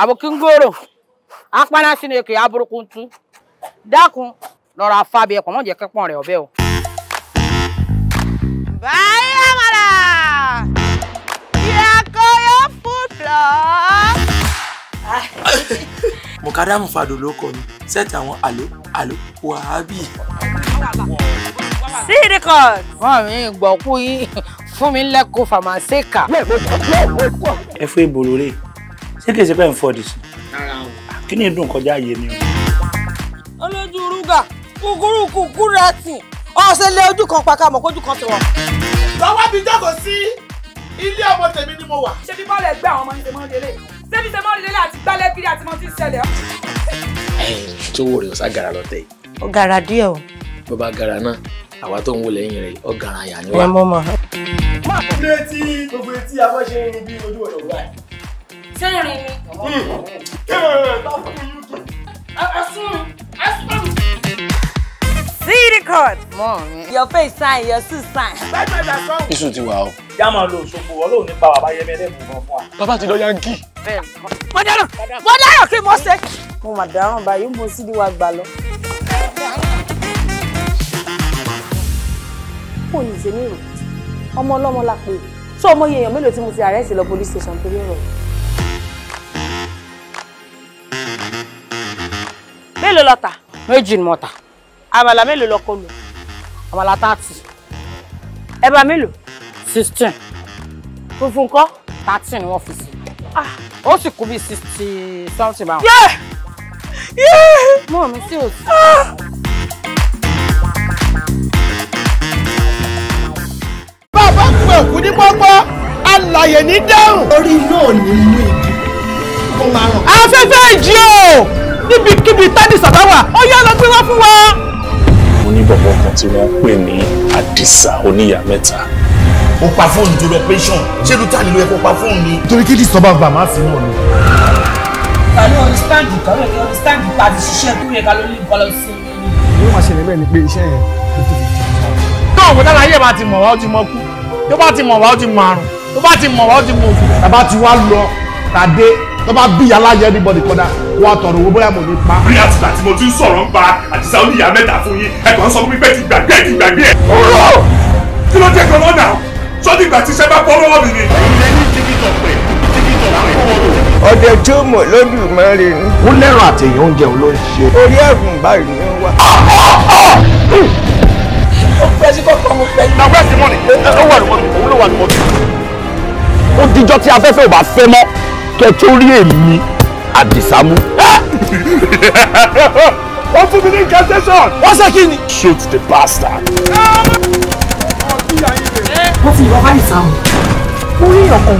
àbòkíngòrò apáná sínú èkè aburúkú ń tú dákun lọ́rọ̀ afábí ẹ̀kọ́ mọ̀jẹ̀ kẹ́pọ̀n rẹ̀ ọ̀bẹ o. báyìí àmàlà ìyàkó yóò fún lọ. mukadamu fado ló kọ ni sẹ́ẹ̀tì àwọn àlò àlò wàhábì. sídìkọ̀. wọ́n mi gbọ́ kú yín fún mi lẹ́kọ̀ọ́ fàmásẹ́kà. ẹ fún ìbòrò rẹ̀ ṣé kìí ṣe pé ń fọdì sí. Ah, kí ni ìdùn kọjá yé mi. olójú rúgà kúkúrú kúkúrú ọ̀sẹ̀ lé ojú kan pa mọ̀ kójú kan ti lọ́wọ́ mi dẹ́kọ̀ sí ilé ọmọ tèmi ni mo wà. ṣé bí bọ́ọ̀lù ẹgbẹ́ àwọn ọmọ ní tèmọ́ délé ṣé tèmọ́ délé àti gbálẹ́ kiri àti mọ́ ṣẹlẹ̀. tó wò rè ó ságara lọ tẹ. ó gara díẹ̀ o. bó bá gara náà àwa tó ń wò lẹ́yìn rẹ̀ ó àyà ni wa. ẹ mọ́ mọ́. má kúndé tí gbogbo etí abọ́ṣe ń bí ojú ọ̀dọ̀ wáyé kẹrin See the court. Mom, your face sign, your suit sign. Iṣu ti wà o. Yá máa lo òṣogbo, ọlọ́run nípa bàbá Yẹmẹ́lẹ́ mú gan fún wa. Bàbá ti lọ Yankee. Mo dáràn, mo dáràn kí mo ṣe. Mo mà dáràn báyìí, mo sì ní wa gbà lọ. Kò ní ṣe ní ìrò, ọmọ ọlọ́mọ la pè é. Ṣé ọmọ arrest the police station torí ọ̀rọ̀ yìí? mélòó lọ tà. méjì ni mo tà. àmàlà mélòó lọ kó lò. àmàlà thirty. ẹ̀bà mélòó. sixteen. funfun kọ́. thirty ni wọ́n fi sí. Ah. ó sì kú bí sixty something báwọn. mọ̀ mi sí òsì. Ah! bàbá pè òkú ní pọ́pọ́ alàyè ní dẹ́rùn. orí náà ni mú igi kó máa afẹ́fẹ́ ìjì o níbikíbi tádì sàbáwà ó yá lọ gbé wá fún wa. mo ní bọ̀bọ̀ kan tí wọ́n pè ní àdìsá oníyà mẹ́ta. ó pa fóònù tó lọ pẹ́ṣọ̀n ṣé ló tàlẹ́ ló pa fóònù ni. torí kí dìsọ́ bá gbà má sí náà ni. kàlẹ́ ọ̀rìstáǹdì kàlẹ́ ọ̀rìstáǹdì pàdé ṣiṣẹ́ tó yẹ kàlẹ́ olùkọ́ lọ sí omi. ìwé máa ṣẹlẹ̀ bẹ́ẹ̀ ni pé iṣẹ́ yẹn kò tó fi tó òun dára ayé bá ti mọ̀ wá ó ti mọ̀ kú tó bá ti mọ̀ wá ó ti mọ̀ àrùn tó bá ti mọ̀ wá ó ti mọ̀ òfò tàbá ti wá tó bá bí aláyẹ anybody kọ́dá kó wa tọrọ owó bóyá mo ní pa. bí àtìgbà tí mo ti ń sọ̀rọ̀ ń ba àdìsá ó ní ìyá mẹ́ta fún yín ẹ kàn ń sọ fún mi pé ti gbàgbé ti gbàgbé ẹ̀. ọ̀rọ̀ kí ló dé gan-an náà sọ́dí ìgbà tí iṣẹ́ bá bọ́ lọ́wọ́ mi ni. ilé ní tíkítọ̀ pẹ̀ tíkítọ̀ láwọn ọ̀rọ̀. ọ̀dẹ̀ tí ó mọ̀ lódùmarè ni. ó lẹ́rọ̀ àtẹ̀yìn oúnjẹ ló ń ṣe. orí ẹ̀gùn báyìí ni wà. ó fẹ́ sí kọ́kọ́ mo fẹ́. na wẹ́ẹ̀sì mọ́ni ó wà lùmọ́ni òun ló wà lùmọ́ni. ó dijọ́ tí afẹ́fẹ́ ò bá fẹ́ mọ́ kẹ tó rí èmi àdìsámú. wọ́n fún mi ní incantation. wọ́n ṣe kí ni. shoot the bastard. wọ́n ti yọ báyìí sáà mo rí ọkàn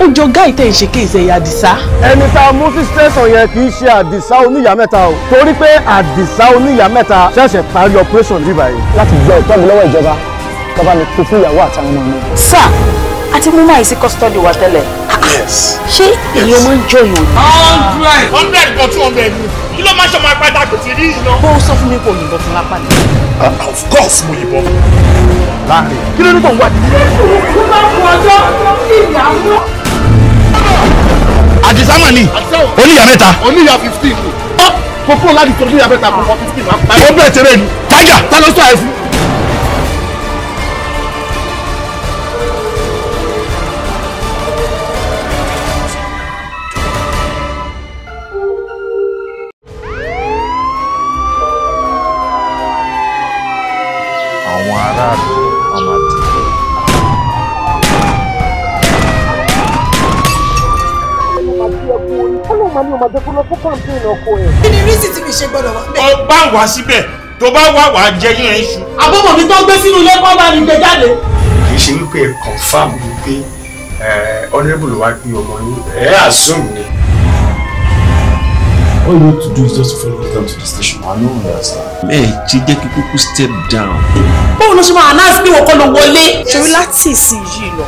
ó jọ gáì tẹ̀ ń ṣe kéèsì ẹ̀yà àdìsá. ẹni tá a mú sí tẹ̀sán yẹn kì í ṣe àdìsá oníyàá mẹ́ta o torí pé àdìsá oníyàá mẹ́ta ṣẹ̀ṣẹ̀ parí operation bíbá yìí. láti yọ ìtọ́jú lọ́wọ́ ìjọba tọ́ba mi kú fún ìyàwó àtàwọn ọmọ mi. sáà àti mú máa sí custody wa tẹ́lẹ̀. ṣé ìyẹn máa ń jọ ìwò. hundred hundred kan two hundred ni kí ló máa ṣe ọmọ apáta kò ti rí iná. bó sọ fún mi kò yìnbọn fún lápá ni. Ah, of course mo yìnbọn. láàrin kí ló ní kàn wá. mo máa fún ọjọ́ sí ìyàwó. àdìsá mà ní oníyà mẹ́ta. oníyà fifteen. Ah! kókó láti tó oníyà mẹ́ta kó fọ́ fifteen máa ń pa. ó bẹ̀rẹ̀ tẹ̀lé ni. tájà tá àìfún. àjẹkù lọ fún kọ́ńtìn ọkọ ẹ̀. kí ni rísì tí mi ṣe gbọ́dọ̀ wá bẹ́ẹ̀. ọgbà wá síbẹ̀ tó bá wà wá jẹ yín ẹ̀ ṣu. àbọ̀mọ̀ mi tó gbé sínú ilé kọ́ bá mi gbé jáde. kì í ṣe wípé ẹ kọ̀ǹfàmù wípé honourable wa gbé ọmọ yín ẹ àzùm ni. All you need to do is just follow them to the station. I know understand. Ẹ ti jẹ́ kí kúkú step down. Báwo ló ṣe máa announce pé wọ́n kọ́ ló wọlé? Ṣé láti ìsinyìí lọ,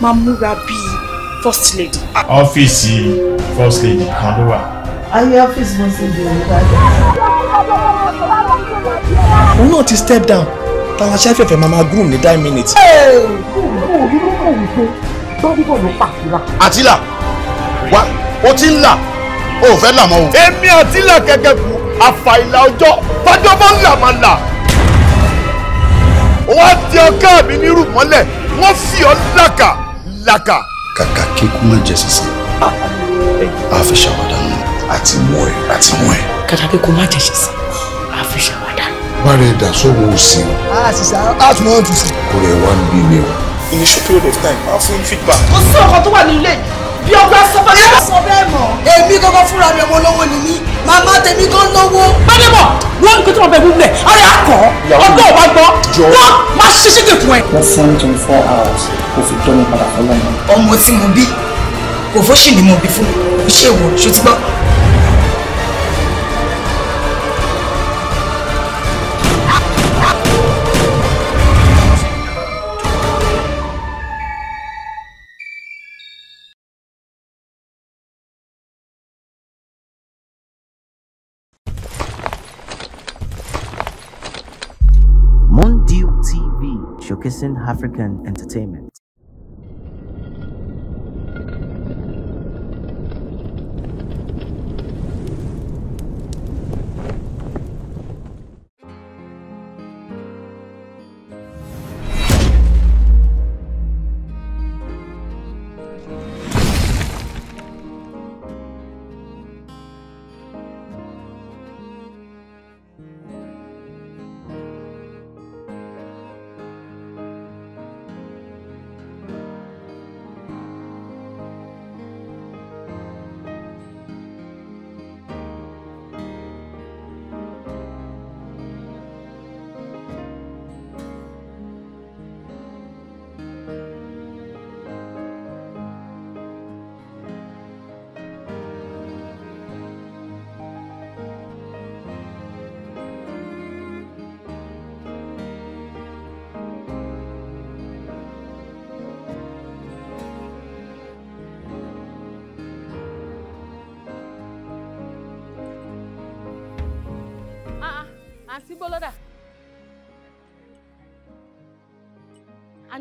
máa múra bíi first lady. ọ́fíìsì first lady kan ló wà. ayé ọ́fíìsì mo ti di olùbàdàn. òun náà ti step down táwọn aṣáfẹ́fẹ́ máa máa groom ní nine minutes. àtìlà wá o ti ń là o ò fẹ́ là mọ́ o. èmi àtìlà kẹ̀kẹ́ kù àfàìlà ọjọ́ tọ́jọ́ bá ń là máa là wọ́n á di ọ̀gá mi nírú mọ́lẹ̀ wọ́n fi ọ́ làkà làkà kàkà kíkú má jẹ sísan ah. a fi ṣàwádà nù àti mú ẹ àti mú ẹ. kàkà kíkú má jẹ sísan a fi ṣàwádà. bára ẹ dà sóhun òsì. a sì sá a tún náà tún sí. kò rẹ̀ wá ń bí mi in a short period of time a fún feedback. kò sí ọkọ tó wà ní ilé yìí bí ọgbà sọfẹ́ sọ. sọ bẹ́ẹ̀ mọ̀. èmi gangan fúnra mi ọmọ olówó ni mí màmá tèmi gan lówó. gbadébọ̀ wọ́n ní kí tí wọ́n bẹ wúlẹ̀ ọgbọ́n ọba gbọ́ wọ́n máa ṣiṣẹ́ dè fún ẹ. wọ́n send twenty four hours kò fi tọ́ mi padà fọlọ́mọ. ọmọ tí mo bí kò fọ́ṣì ni mo bí fún iṣẹ́ ìwọ ṣùtúbọ̀. Latin African entertainment.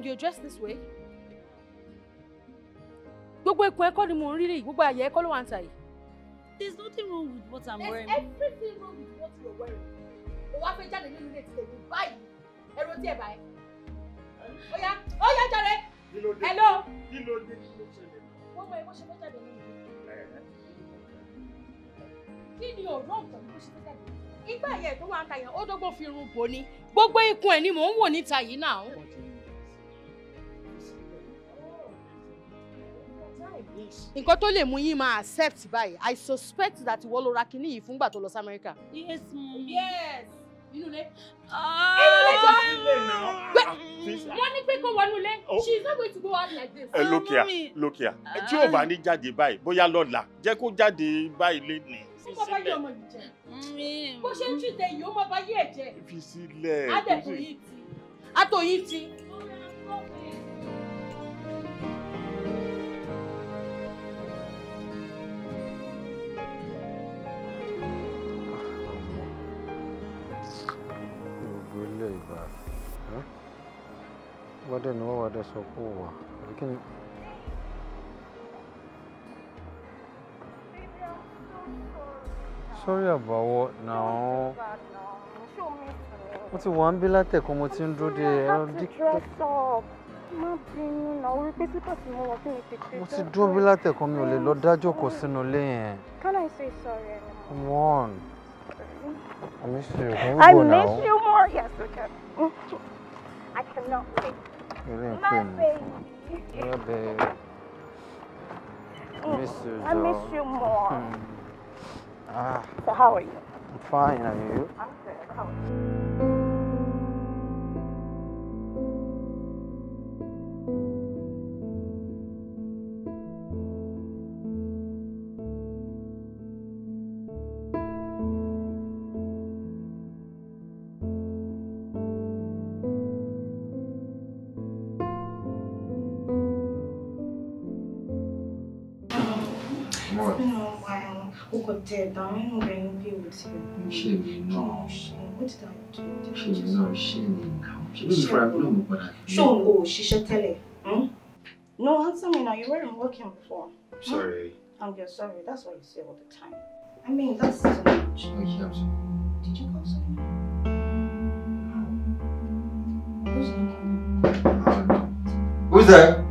and you dress this way? Gbogbo ikùn ẹ̀kọ́ ni mo ń rí rí, gbogbo àyẹ̀ ẹ̀kọ́ ló wà ń tà yìí. There's nothing wrong with what I'm There's wearing. There's everything wrong with what you're wearing. O wá fẹ́ jáde nínú ilé tìlẹ̀ mi báyìí, ẹ̀rọ díẹ̀ báyìí. Oya, oya jàre! Hello! Kí ló dé kí ló ṣẹlẹ̀? Wọ́n mọ ẹ bó ṣe fẹ́ jáde nínú ilé. Kí ni ọ̀rọ̀ ọ̀tọ̀ bó ṣe fẹ́ jáde nínú ilé? Ìgbà yẹn tó wà ń ta yẹn, ó dọ́gbọ́n fi irun bò ni. Gbogbo ikùn ẹ̀ ni mò ń wò níta yìí náà. nǹkan tó lè mú yín máa accept báyìí i suspect that ìwọ ló ra kinní yìí fúngbà tó lọ sí America. yes mum. yes inú ilé. Ah. inú ilé jọ wọ́n ní pé kó wọnú ilé oh. she is not going to go out like this. ẹ lókìá lókìá tí ò bá ní jáde báyìí bóyá lọ́la jẹ́ kó jáde báyìí lé ní. fún bàbá yìí ọmọ yìí jẹ bó ṣe ń ṣìṣe yìí ó bàbá yìí ẹ jẹ. fi sílẹ̀ adẹ̀kùn yìí ti. atọ̀ yìí ti. wadda nawa wadda saukowa rikin sorry àbáwọ náà mo ti wà ń bí látẹ̀kọ́ mo ti ń dúró de ẹ̀rọ dípẹ́. mo ti dúró bí látẹ̀kọ́ mi ò lè lọ dájọ́ kó sínú ilé yẹn. Can I say sorry? Come on. I miss you. I miss you more. Yes, we can. Mm. I cannot wait. Ele baby, enfermo. Meu I miss you more. Hmm. ah. So how are you? I'm fine, are you? I'm good. How are you? dead. I know. we're angry with you. She no. What did I do? She no. She didn't come. She was oh, she should tell it. No, answer me now. You weren't working before. Sorry. Huh? I'm just sorry. That's what you say all the time. I mean, that's too much. Okay, I'm sorry. Did you call someone? Who's knocking? Who's there?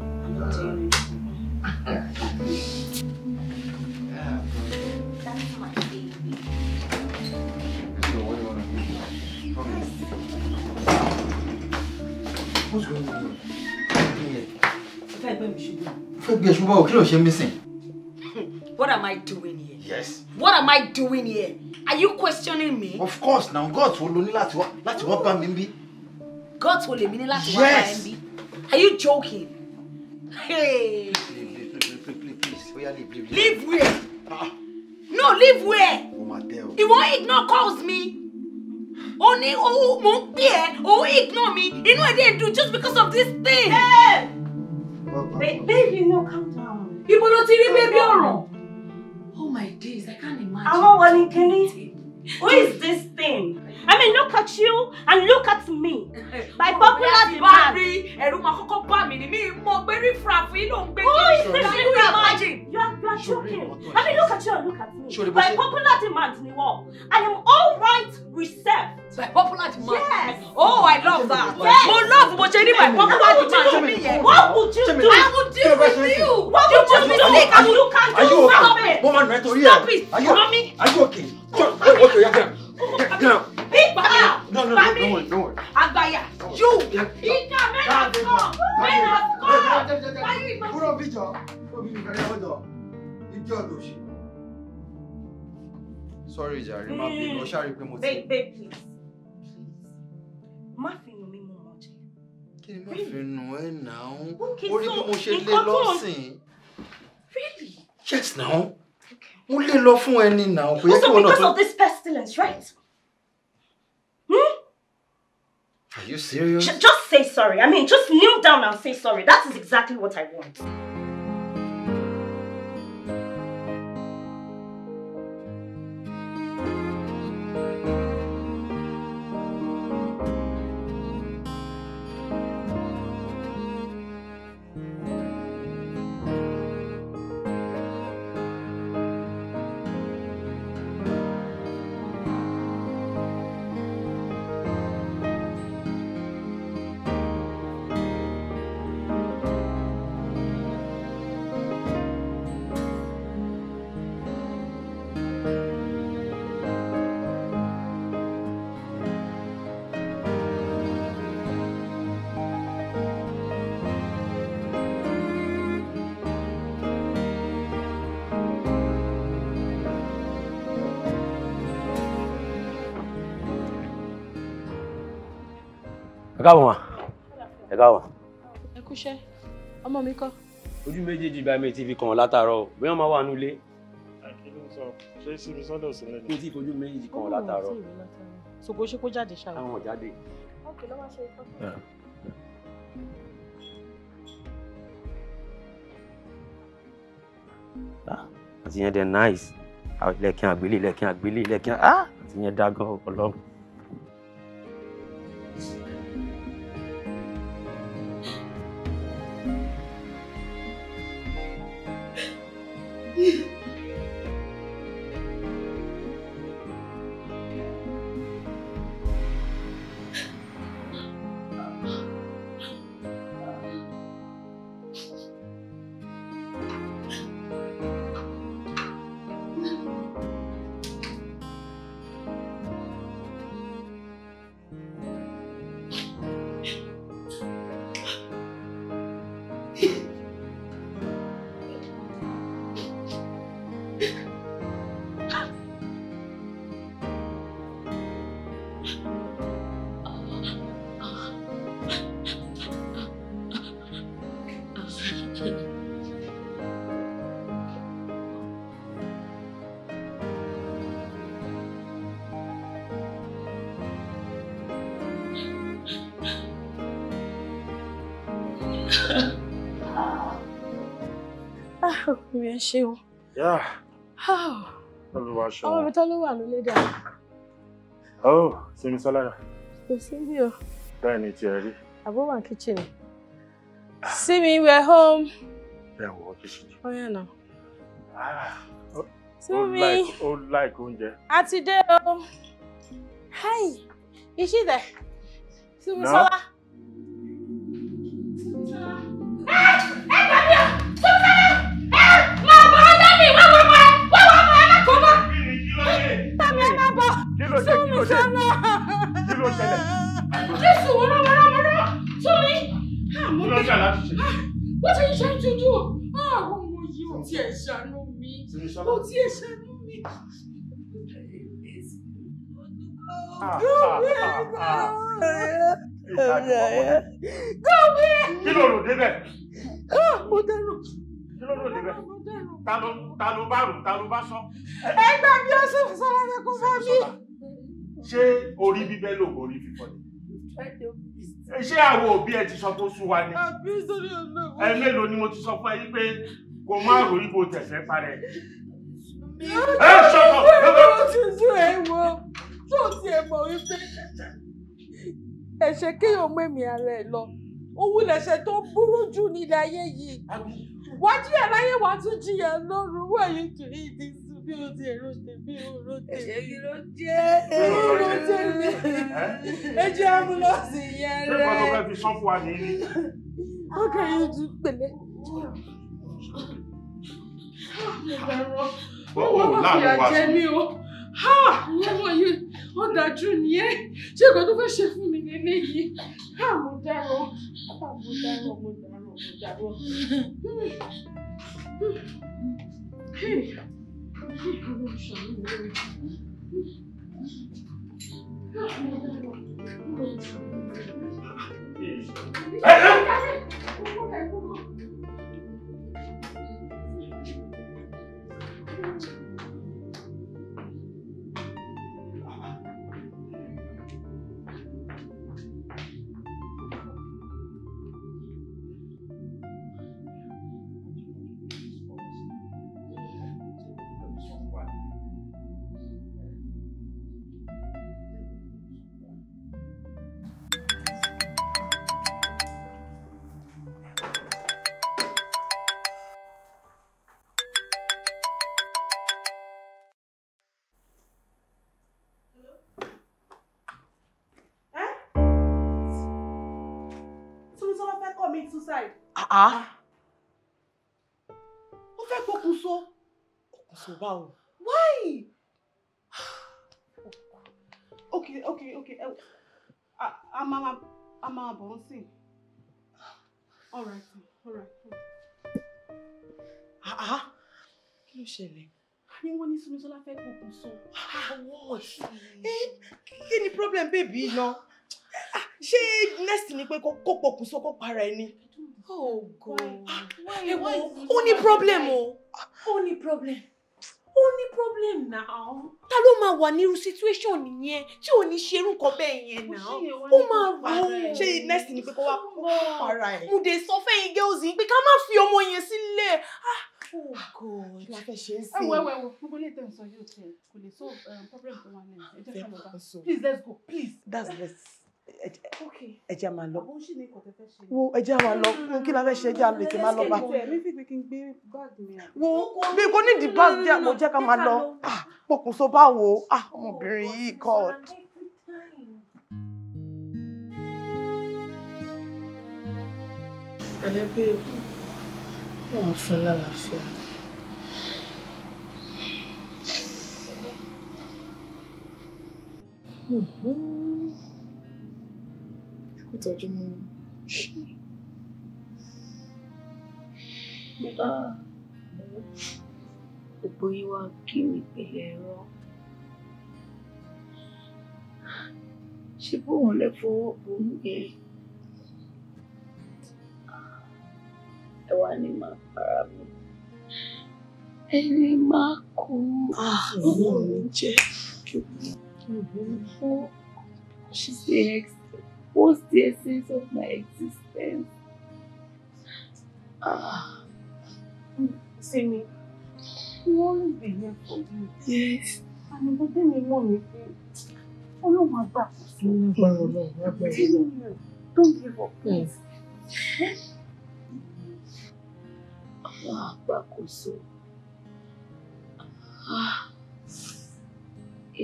I'm not doing it. what What's going on? Fẹ́ gbé What am I doing here? Yes. What am I doing here? Are you questioning me? Of course Now God will only let you wá láti wá bá mi bí. God wo lèmi ní láti wá bá ẹ bí. Are you joking? Hey. Leave, where? No, leave where? O ma tẹ o. Ìwọ ignore calls me. Only ní owó mò ń pè ẹ́, owó ignore mi. Inú ẹ̀ just because of this thing. Hey! baby, no, calm down. Ibo ló ti rí bébí ọ̀ràn? Oh my days, I can't imagine. Àwọn wo one Kenny? Who is this thing? I mean, look at you and look at me. By popular demand. Ẹ̀rù máa kọ́kọ́ bá mi ni mi mọ̀ pé rífra fún inú òun imagine. You are, you are joking. I mean, look at you and look at me. By popular demand ni wọ́n. I am all right with self. By popular demand? Yes. Oh, I love that. Yes. But love but ṣe by popular demand. What would you do? I would deal with you. What would you do? You can't do stop it. Stop it. Mommy. Are you okay? Are you okay? Yeah, yeah big no, No, no, no, don't worry, don't worry. Agbaya, you, Ika, men have come, men have come. Why you even? Kúrò bíjọ, kúrò bíjọ kẹrẹ ọjọ, ìjọ ló ṣe. Sorry jàre, má bí lọ ṣáà rí pé mo ti. Babe, babe, please, please, má fi nù mí mú mọ́ jẹ. Kí ni má fi nù ẹ́ náà? Orí bí mo ṣe lé lọ́sìn. Really? Yes, now. Mo lé lọ fún ẹni náà. Also because of this pestilence, right? Are you serious? just say sorry. I mean, just kneel down and say sorry. That is exactly what I want. ẹ káàbọ̀ mà ẹ káàbọ̀. ẹ kúṣẹ́ ọmọ mi kọ́. ojú méjèèjì bá mi ti fi kàn látàárọ̀ o bí wọ́n máa wà nílé. àkìlú sọ ṣé síbi sọ́dọ̀ sí lẹ́nu. mi ti fojú méjèèjì kàn látàárọ̀. ṣògbó ṣe kó jáde ṣáà. àwọn ò jáde. ọkè ló wá ṣe ikọ́. Ah. Ah, àti yẹn dẹ nice ah, lẹ́kìn àgbélé lẹ́kìn àgbélé lẹ́kìn àti yẹn dá gan ọlọ́run. you ṣeun. olùwà ṣeun. ọmọ mi tán ló wà lólé dà. ó oh, sinmi sọ́lára. kò sí bí o. bẹ́ẹ̀ ni tiẹ̀ rí. àbó wà kíchìn. Simi, we're home. bẹ́ẹ̀ wọ kíchìn. ọyàn náà. Simi. ó oh, ah, láìk oúnjẹ. a ti dé o. hi is she there? Simisola. No. kí ló ṣe kí ló ṣe kí ló ṣẹlẹ̀. jésù wọ́n rán wọ́n rán ah, ah, wọ́n tó mi. mo lọ ṣe aláṣẹ. what are you trying to do? àwọn ọmọ yìí ò tiẹ̀ ṣàánú mi ò tiẹ̀ ṣàánú ah, Go kí Go rò Go mo Go kí Go rò Go ta ló bá rò ta ló bá sọ. ẹgbẹ́ mi ó sì sọ̀rọ̀ mi kó bá mi ṣé orí bíbẹ́ lò orí fífọ́ ni ṣé àwọn òbí ẹ ti sọ kó sú wa ni ẹ mélòó ni mo ti sọ fún ẹ yí pé kò má rò yí kò tẹ̀sẹ̀ parẹ́ ẹ sọ̀tọ̀ lọ́wọ́ tuntun ẹ wo tó ti ẹ mọ̀ wípé ẹ̀ṣẹ̀ kéèyàn mú èmi ara lọ òun lẹ̀ṣẹ̀ tó burú jù nílé ayé yìí wájú ẹ̀ láyé wàá tún jìyà lóru wọ̀nyí kì í bí o ti èrò tèmi o ro tèmi. ẹ̀jẹ̀ kí ló jẹ́ èrò ro tèmi ẹ̀jẹ̀ ambulance yẹn rẹ̀. ṣé kò tó fẹ́ fi sán fún wa nìyí. wọ́n kà yóò ju pèlè. ó ó láàánú wa sí. ha ìyàwó yìí ó dájú nìyẹn ṣé kò tó fẹ́ ṣe fún mi lélẹ́yìí ha mo dárò ha mo dárò mo dárò mo dárò. Hmm. Hmm. Hmm. Hey. 来人！Ah. Ah. ó fẹ́ pokùn so pokùn so báwo. why. Okay, okay, okay. ẹ a máa a máa bọ̀ ń all right all right. Ah, kí ló ṣẹlẹ̀ ni wọ́n ní Súnmisọ́lá fẹ́ pokùn so. what eh, kí ni problem bèbí náà ṣé next ni pé kó pokùnso kó para ẹni. oh god ah, ẹ wo ó ní problem o. ó ní problem ó ní problem now. ta ló máa wà nírú situation nìyẹn tí ò ní ṣe irú nǹkan bẹ́ẹ̀ yẹn now ó máa rò ó. ṣé next ni pé kó wá para ẹ. mo dé sọ fẹ́yìn girls yìí pé ká má fi ọmọ yẹn sílẹ̀. Ah, oh God. Kí la fẹ́ ṣe é sí? Ẹ̀wọ̀ ẹ̀wọ̀ ẹ̀wọ̀ gbogbo ilé ìtẹ̀ ń um, sọ Please let's go please. That's best ẹ jẹ́ máa lọ wo ẹ máa lọ wo mm, mm, kí la fẹ́ ṣe ẹ jẹ́ àlọ ètè máa lọ bá wo bí kò ní ìdìbò àti àpò jẹ́ ká máa lọ pokùnso báwo ọmọbìnrin yìí god. ẹlẹ́gbẹ́ wọn fún lálàáfíà. Mm-hmm tọ́jú mọ́ mi. Gbogbo yín wá kí mi pẹ̀lẹ́ ẹ̀rọ. Ṣé para mi. Ẹni máa kú. Àwọn ah. ex was the essence of my existence. Ah. Simi, you always be here for me. Yes. And the thing you want me to Ọlọ́run àgbà kò sí ní ọgbà Don't give up, please. Ọlọ́run àgbà kò sí.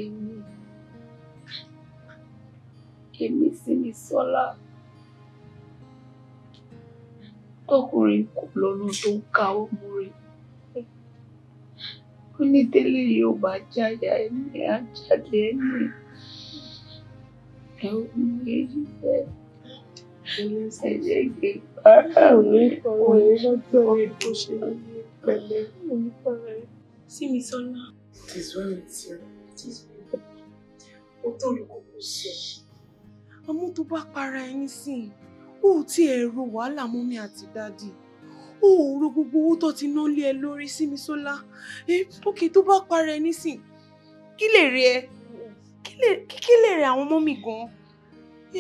Èmi èmi sì ní sọlá tọkùnrin kò lọ́nà tó ń káwọ́ mú rí ó ní délé yóò bá jáyà ẹni àjáde ẹni ẹ ò mú èyí bẹ́ẹ̀ ẹ jẹ́ gbé bàrà mi òun lọ́jọ́ rẹ̀ bó ṣe ní pẹ̀lẹ́ sí mi sọlá. tìzúwẹ̀rẹ̀ tí ó tìzúwẹ̀rẹ̀ ó tó olùkókó sí àmọ́ tó bá para ẹni sìn ó ti ẹ̀rọ wàhálà mọ́ mi àti dádì ó ro gbogbo owó tó ti ná lé ẹ lórí Símisọ́lá ẹ òkè tó bá para ẹni sìn kí lè rí ẹ kí lè rí àwọn ọmọ mi gan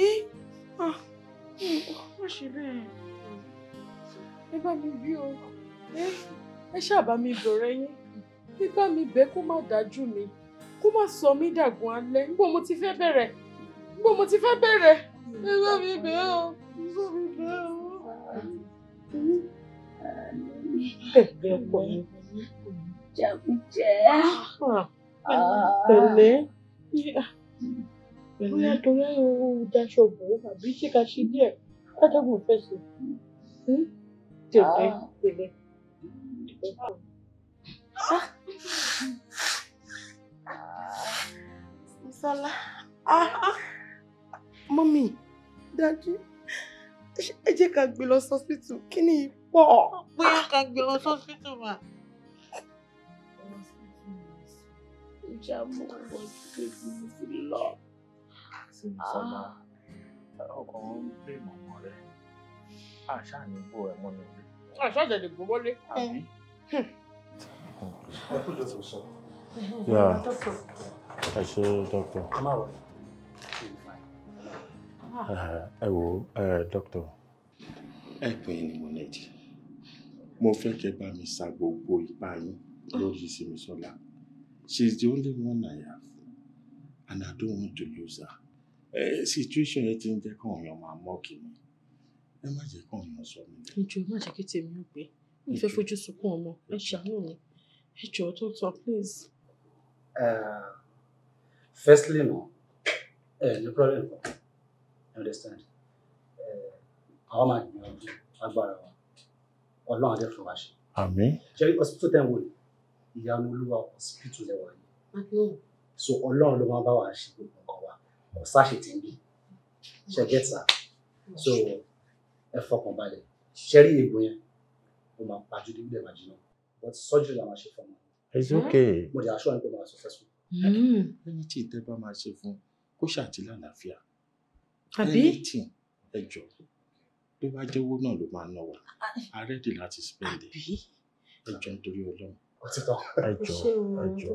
ẹ ah má ṣe bẹ́ẹ̀ ẹ bá mi bí o ẹ ṣàbá mi dọ̀rẹ́ yín bí bá mi bẹ́ kó má dájú mi kó má sọ mí dàgùn alẹ́ nígbà mo ti fẹ́ bẹ̀rẹ̀ gbọ́ mo ti fẹ́ bẹ̀rẹ̀ ẹ bá mi bẹ̀ ọ́ ẹ bá mi bẹ̀ ọ́. bẹ̀bẹ̀ pọ̀ ní jàkújẹ́. pẹ̀lẹ́ bóyá torí ẹ̀rọ daṣọ bò ó àbí ṣé ká ṣe díẹ̀ látọ̀gùn fẹsẹ̀ hmm? tẹ̀lé ah. tẹ̀lé. Sọlá. Ah, ah mọ́mì dájú ẹ jẹ́ ká gbé lọ sọ́sítù kí ni pọ̀. bóyá ká gbé lọ sọ́sítù mà. ìjà mú ọ̀rọ̀ ìdílé bí mo ti lọ. ọkọ̀ ah. ń gbé mọ̀mọ́ rẹ̀ àṣà ní gbó ẹ̀ mọ́nú ilé. àṣà ìjẹ̀dẹ̀ gbó wọlé. àbí. ẹ kú jọ sọ sọ. yà ẹ ṣe dókítà. Ah. ẹ wo dókítà. ẹ pè é ní mo nẹ́ẹ̀dì mo fẹ́ kẹ́ bá mi sa gbogbo ipá yín lórí Simisola she is the only one I have and I don't want to lose her uh, situation yẹn ti ń jẹ́ kàn yàn máa mọ́ọ̀kì mi ẹ má jẹ́ kàn yàn sọ mi. ìjọ má jẹ́ kí tèmi ò gbé mi fẹ́ fojú sunkún ọmọ ẹ ṣàánú mi ẹ jọ̀ọ́ tó tọ́ please. firstly no Uh, no problem understand àwọn máa gbìyànjú agbára wa ọlọ́run adé fún wa ṣe. àmín. jerry hospital ten wo ìyanu olúwa hospital lẹ́wà yìí so ọlọ́run ló máa bá wa ṣe gbogbo nǹkan wa ọ̀sá ṣe ti ń bí ṣe gẹ́ta so ẹ fọkàn balẹ̀ ṣẹ́rí egbò yẹn ó máa pàjù dé ilé ìbàjẹ́ náà but surgery la máa ṣe fún mi. it's okay. mo jẹ́ aṣọ àìpẹ́ máa successful. ẹni tí ìtẹ́ bá máa ṣe fún kó ṣàtìlẹ́ àlàáfíà àbí anything ẹ jọ bí wàá jẹ́wọ́ náà ló máa ná wa a rẹ́dì láti spend ẹ jọ nítorí ọlọ́run ẹ jọ ẹ jọ.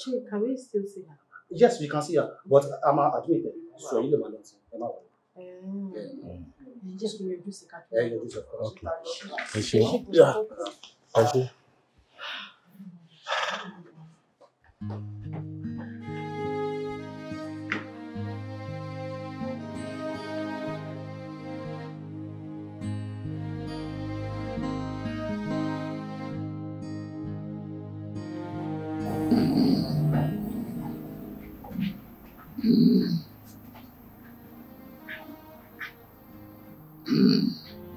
ṣe ìkàwé still see her. yes we can see her but a máa admit ẹ sọ yìí lè máa lọ sí ẹ máa wọ. ẹ yọjú sí ká tó. ẹ ṣe ẹ ṣe.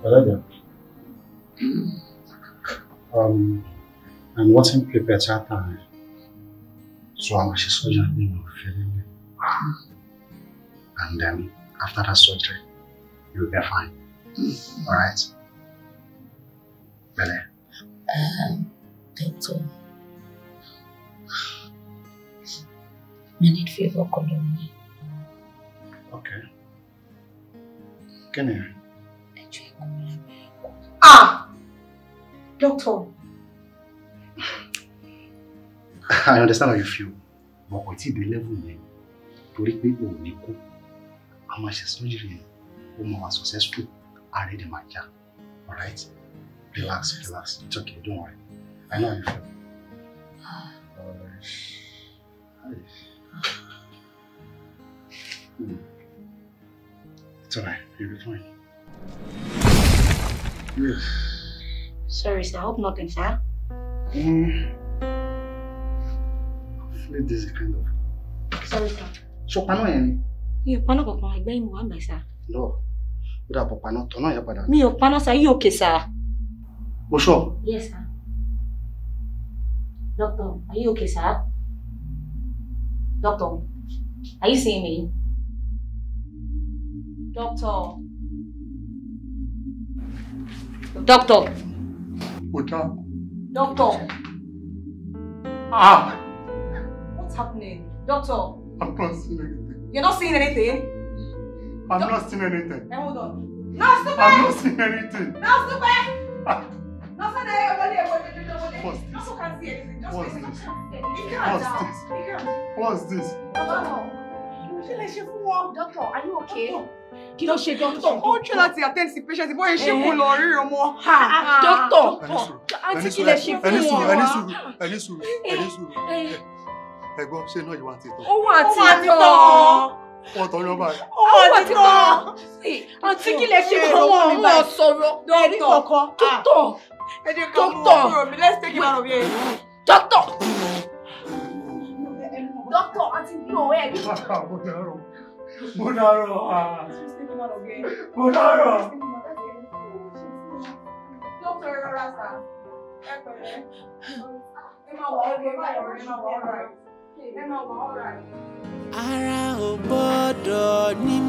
Ọ̀rẹ́dẹ̀, um, I'm watching prepare chatter, so I'm a surgeon in feeling And then after that surgery, you'll be fine. Alright. right? Bele. Um, doctor. I need favor Koloni. Okay. Kí ni? Ẹjọ́ ẹ̀kọ́ mi lábẹ́ ẹ̀kọ́. Ah! Doctor. I understand how you feel. But kò tí ì dé level yẹn. Torí pé o ò ní kú. A máa ṣe surgery yẹn. O máa wà successful. Ààrẹ dẹ̀ máa já. Alright? Relax, relax. It's okay, don't worry. I know how you feel. Ah. Alright. Mm. It's alright, you'll be fine. Sorry, sir. I hope nothing, sir. Mm. Hopefully this is kind of... Sorry, sir. So, paano yan? Mi ò paná kankan, my ìmọ̀ wà ń bẹ̀ sá. Lọ, ó dà bọ̀ paná tọ̀nà yẹn padà. Mi ò paná sá, yóò kè sá. Yes, sir. Doctor, are you okay, sir? Doctor, are you seeing me? Doctor. Doctor. What up? Doctor. Ah. What's happening? Doctor. I'm not seeing anything. You're not seeing anything? I'm Do not seeing anything. Hey, hold on. No, stupid! I'm not seeing anything. No, stupid! Nothing there, nobody, nobody, nobody. What's this? Nothing can see anything. Just What's this? What's this? What's this? Doctor, you feel like she's warm. Doctor, are you okay? kí ló ṣe dókítà. ó ń láti attend sí patient bó ṣe kú lọ rí ọmọ. dókítà àǹtí kí lè ṣe fún wọn. ẹni sùúrù ẹni sùúrù eh, ẹni sùúrù eh. ẹ̀gbọ́n ṣé náà yìí wá ti tọ. owó àti ìtọ. wọ́n tọ́jú ọba rẹ̀. owó àti ìtọ. àǹtí kí lè ṣe fún wọn ah. mú ọ sọ̀rọ̀ ẹ̀rí kọ̀ọ̀kan. dókítà dókítà dókítà. dókítà àti bí òwe ẹ̀rí. Ah. Monaro! She's thinking out again. Monaro! Ara ò gbọ́dọ̀ mí.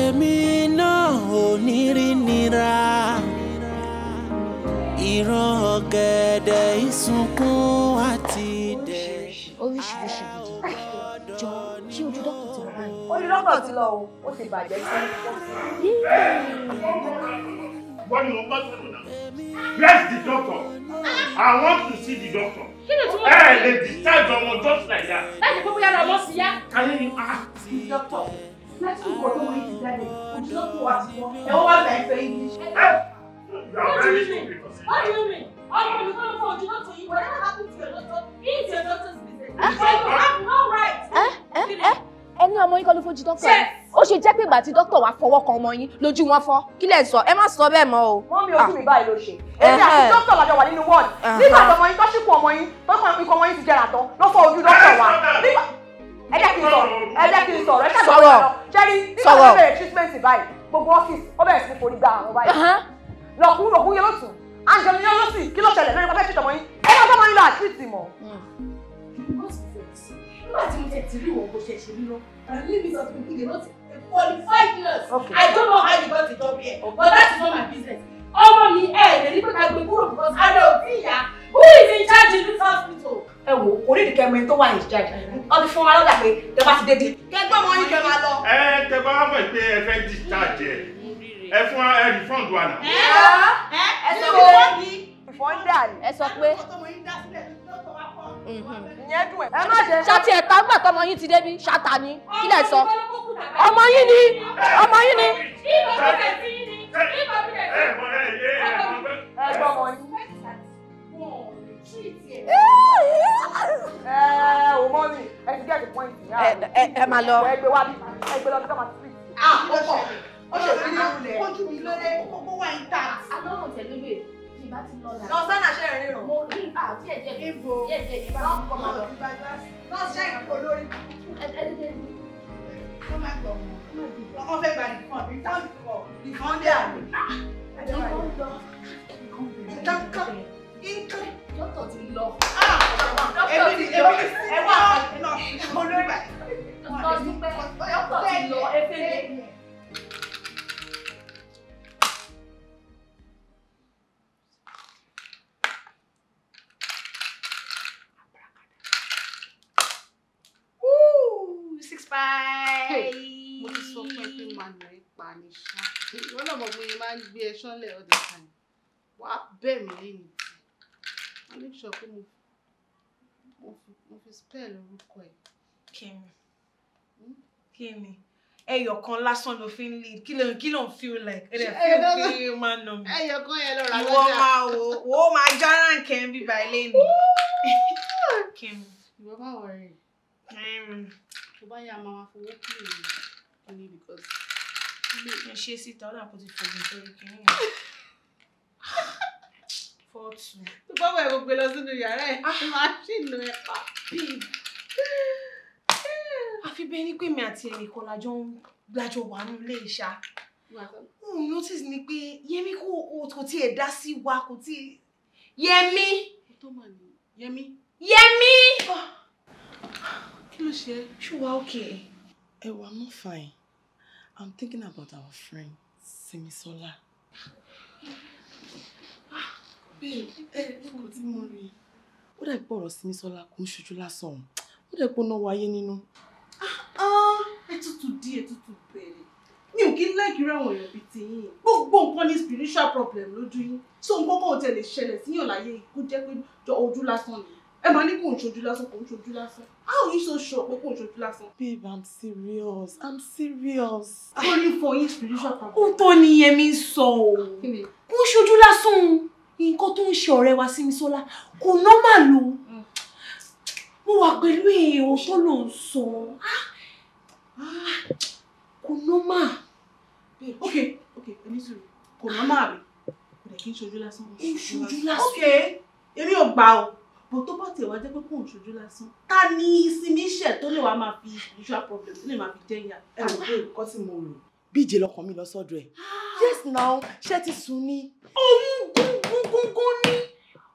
Èmi náà ò ní rí nira. Ìran ọ̀gẹ̀dẹ̀ ìsunkún àti. lọ́kàn ti lọ o ó ti bàjẹ́ sí. bless the doctor i want to see the doctor. kí ló tún wọ́n ṣe. ẹ lè discharge ọmọ just like that. láti gbogbo yàrá ọmọ sí yá. kálí ni a. doctor láti ìkọ̀ tó wọ́n ti jáde ojú tó kọ̀ wá ti wọ́n ẹ̀ wọ́n wá gbà ẹ̀ fẹ́ yí. Ah. What do you mean? What do you mean? ọmọ mi kọ́ ló fọ ojú lọ́tọ̀ yìí whatever happen to your doctor he is your doctor's business. Ah. you have no right. Eh? Eh? ẹni ọmọ yín kọ́ ló fojú dọ́kítọ̀ yín ó ṣe jẹ́ pé ìgbà tí dọ́kítọ̀ wa fọwọ́ kan ọmọ yín lójú wọn fọ́ kí lẹ̀ sọ ẹ má sọ bẹ́ẹ̀ mọ́ o. wọ́n mi ojú mi báyìí ló ṣe èmi àti dọ́kítọ̀ làjọ wà nínú wọ́ọ̀dì nígbà tó ọmọ yín tọ́ṣípò ọmọ yín tọ́kàn ikọ̀ ọmọ yín ti jẹrà tán ló fọ ojú dọ́kítọ̀ wa ẹ jẹ́ kí n sọ̀rọ̀ ẹ jẹ́ kí n sọ̀rọ̀ ẹ ṣàgbọ́n lọ jẹ́rí nígbà tó bẹ̀rẹ̀ treatment báyìí gbogbo ọ́fíìsì ó bẹ̀rẹ̀ sí forí gba àwọn báyìí lọ́kùnrin òkú yẹn ló tù angelina ló sì kí ló ṣẹlẹ̀ lórí pàfẹ́ ṣètọ́mọ yín ẹ bá bá wọn nílò àtúntì mọ́. Nígbà tí mo tẹ̀ tí rí ìwọ̀n bó ṣe ṣe nílọ, and leave me something big enough to qualify years. Okay. I don't know how you got it up here, okay. but that is not my business. Ọmọ mi ẹ̀ lè ní pé ká gbé kúrò because ara ò bí ìyá. Who is in charge in this hospital? Ẹ wo, onídìí kẹmọ tó wà in charge. Wọ́n ti fún wa lọ́dà pé tẹ bá ti dé di. Kẹgbọ́n mọ oúnjẹ máa lọ. Ẹ tẹ bá mọ̀ pé ẹ fẹ́ discharge ẹ. Ẹ fún ẹ refund wa náà. Ẹ ẹ ẹ sọ pé ẹ sọ pé ìyẹn dùn ẹ. ẹ má jẹ ṣàtì ẹ̀ta gbà tọmọ yín ti débi ṣàtà ni kí lẹ sọ ọmọ yín ni ọmọ yín ni. ẹ ò mọ ni ẹ ti gẹ́gẹ́ pọ́ìntì yàrá ẹ máa lọ ẹ gbé wá bí ẹ gbé lọ bí ká máa ti rí. ah ó pọ̀ ó ṣe ìdílé ojú mi lóde kókó wá ìta. alọ́run tẹ̀lé lóye ìbá ti lọ là. lọ sánà ṣe rìn rò. mo rí ìbá díẹ̀ díẹ̀ ibo díẹ̀ díẹ̀ ìbá lọ kọ máa lọ. nọ́ọ̀sì ṣe ìkó lórí. ó máa gbọ̀ wọ́n wọ́n fẹ́ gba nìkan bí táwọn kọ̀ nìkan dé àná. nìkan lọ nìkan kan nǹkan. dókítà ti lọ. Ah, èmi ni èmi ni sí. ẹ wá ọ̀nà olórí. dókítà ti lọ efe ni. bye. mo ti sọ fún ẹ pé màá nà ẹ pa ni ṣá ìwọ náà mọ̀ all the time wàá bẹ̀ mí lẹ́yìn tí wọ́n ní sọ pé mo fi spell orúkọ ẹ̀. Kẹ́mi hmm? Kẹ́mi ẹyọ kan lásán ló fi ń lead kí ló kí ló ń feel like ẹ dẹ feel pé máa nà mí ẹyọ kan yẹn lọ rà lọ́jà ìwọ máa wò ó máa jára Kẹ́mi bíbá ilé ni Kẹ́mi. ìwọ máa wọrin. Kẹ́mi tó bá yà máa fowó kúrò ní kíní because. ilé ẹ ṣe síta ọ̀dà kò ti fògùn sórí kíní yẹn. fọ́ọ̀tù. tó bá wẹ̀ gbogbo lọ sínú yàrá ẹ̀ máa ṣì lo ẹ̀ pa. àfi bẹ́ẹ̀ ni pé mi àti ẹnìkan lájọ ń gbàjọ wà nínú ilé ìṣá. òun notice ni pé Yẹmí kò tiẹ̀ dá sí wa kò tiẹ̀ Yẹmí. Yẹmí. Yẹmí. Oh. Ah kí ló ṣe ṣé wàá òkè. ẹ wà mọ́ fine i'm thinking about our friend Simisola. Ah, bẹ́ẹ̀ ẹ kò tí mo rí i. ó dàbí pé ọ̀rọ̀ Simisola kò ń ṣojú lásán òun ó dàbí pé ó náwó ayé nínú. Ah, ah, ẹ tútù dí ẹ tútù bẹ̀rẹ̀ mi ò kí ń láìkí ráwọn èèyàn bíi ti yín gbogbo nǹkan ní spiritual problem lójú yín so nǹkan kan ò tẹ̀lé ṣẹlẹ̀ síyàn láyé kó jẹ́ pé ojú lásán nìyí ẹ máa ní kò ń ṣojú lásán kò ń ṣojú lásán how you so sure pé kò ń ṣojú lásán. babe i'm serious i'm serious. ó ní fọ yín spiritual problem. ó tó ni yẹmi ń sọ o kò ń ṣojú lásán nǹkan tó ń ṣe ọ̀rẹ́ wa sí mi sọ́lá kò nọ́mà lò mm. mo wà pẹ̀lú èèyàn tó lò ń sọ ah. Ah, kò nọ́mà. ok ok ẹni sùn kò nọ́mà àbí kò dẹ̀ kí n ṣojú lásán. ń ṣojú lásán. ok èmi ò gbà o bó tó bá tiẹ̀ wá jẹ́ pé kò ń ṣojú lásán ta ni ìsinmi iṣẹ́ tó lè wá máa fi usual problem tó lè máa fi jẹ́yà. ẹ wò pé nǹkan tí mo rò bíje lọkàn mi lọ sọ́dọ̀ ẹ̀ ah! yes now ṣé ti sùn ni. òun gúngún gúngún ní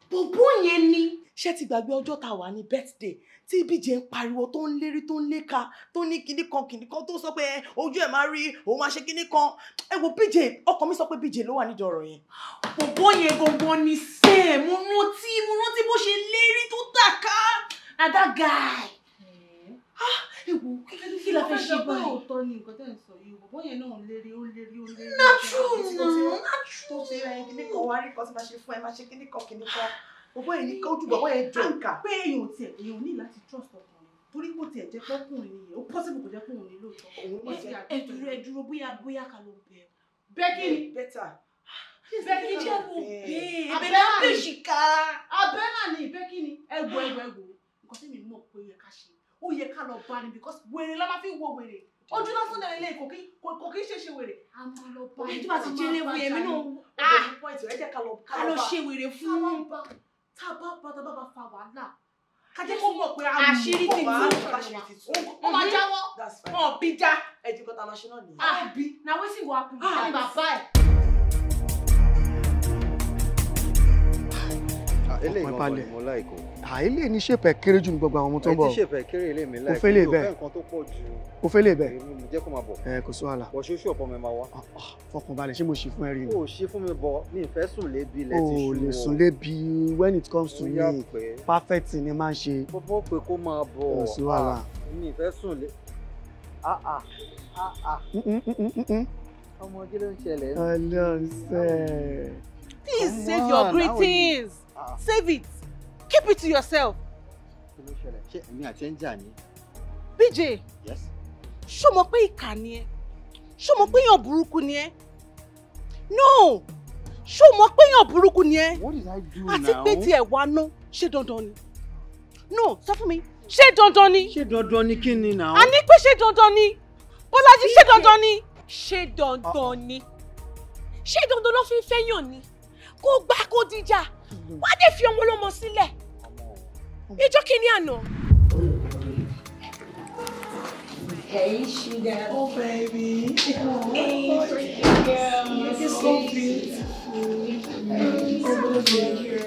bòbó yẹn ni ṣé ti gbàgbé ọjọ́ tá wà ní birthday tí ìbíje ń pariwo tó ń lérí tó ń léka tó ní kinní kan kinní kan tó sọ pé eh, ojú ẹ̀ máa rí òun máa ṣe kinní kan ẹ wo bíje ọkàn mi sọ pé bíje ló wà nídìí ọ̀rọ̀ yẹn. bọ̀bọ̀ yẹn gangan ni sẹ́ẹ̀ mo rántí mo rántí bó ṣe lérí tó dàka and that guy ewu eh. ah, kí la fẹ́ ṣe báyìí. ọ̀tọ̀ yẹn náà lérí ó lérí ó lérí. natural náà natural. tó ṣe kíní kan wá rí kan tí máa ṣe fún ẹ máa ṣe kíní kan kíní kan bọ́bọ́ yẹn ní kọ́jú bọ́bọ́ yẹn jọ. àǹkà pé èèyàn ò tiẹ̀ èèyàn ò ní láti trust ọkùnrin torí kò tiẹ̀ jẹ́ pé ọkùnrin nìyẹn ó possible kò jẹ́ pé òun ní lóòótọ́. ẹ dúró ẹ dúró bóyá bóyá ká ló bẹ ọ. bẹ́ẹ̀kì ni bẹ́ẹ̀kì jẹ́ ló bẹ abẹ́lá bẹ ṣìkà. abẹ́lá ni bẹ́ẹ̀kì ni ẹgbọ ẹgbọ ẹgbọ nǹkan tí mi mọ̀ pé ó yẹ ká ṣe ó yẹ ká lọ bá ni because wèrè la máa fi wo wèrè ojú lásán náà lè kò kí kò kí ṣe ṣe wèrè. a máa lọ bá a máa bá a jà ní ah! jẹ́ ká lọ bá a. lọ ṣe wèrè fún un tá a bá bá bá bá fa wàhálà kájẹ́ kó mọ̀ pé àṣírí ti tú ó máa jáwọ́ wọn bí já ẹ̀jẹ̀ kọ́ta máa ṣe náà nìyẹn. àbí ah. na wetin go happen ẹni bàbá ẹ̀. Ah, eléyìí mo láìkó àìlè ní ṣèpẹ kéré jù ní gbogbo àwọn ọmọ tó ń bọ̀ ṣèpẹ kéré ilé mi láì kí ló fẹ́ nǹkan tó pọ̀ jù o fẹ́ lè bẹ̀ èmi jẹ́ kó máa bọ̀ ẹ kò sí wàhálà bọ̀ ṣoṣù ọ̀pọ̀ mi máa wá. Ah, ah, fọkànbalẹ̀ ṣé mo ṣì fún ẹ rí ni. o ṣí fún mi bọ mi ì fẹ́ sùn lébi ilẹ̀ ti ṣú o. o lè sùn lébi when it comes to me perfect ni máa ń ṣe. bọ́bọ́ pé kó máa bọ̀ kò sí wàhálà. Ah, mi ì fẹ́ sùn lé ọmọ kí ló ń ṣẹlẹ̀. ọlọ́sẹ̀. please save your greetings save it. Keep it to yourself. Ṣé BJ. Yes. Ṣó mọ̀ pé ìkà ni ẹ́? Ṣó mọ̀ pé èèyàn ni ẹ́? No! Ṣó mọ̀ pé èèyàn burúkú ni ẹ́? What did I do now? Àti pé tiẹ̀ wá ná ṣé dandan ni? No, sọ for me. ṣé dandan ni? Ṣé dandan ni kí now? Ani ní pé ṣé dandan ni. Bọ́lájí ṣé dandan ni? Ṣé dandan ah. ni? Ṣé dandan ló fi ń ni? Kó gbá kó díjà, wá dé fi ọmọ ọlọ́mọ sílẹ̀. Ijó kìíní àná. Hey, sugar. Oh, baby. Oh, hey, freaking girl. You're so beautiful. Hey, over here.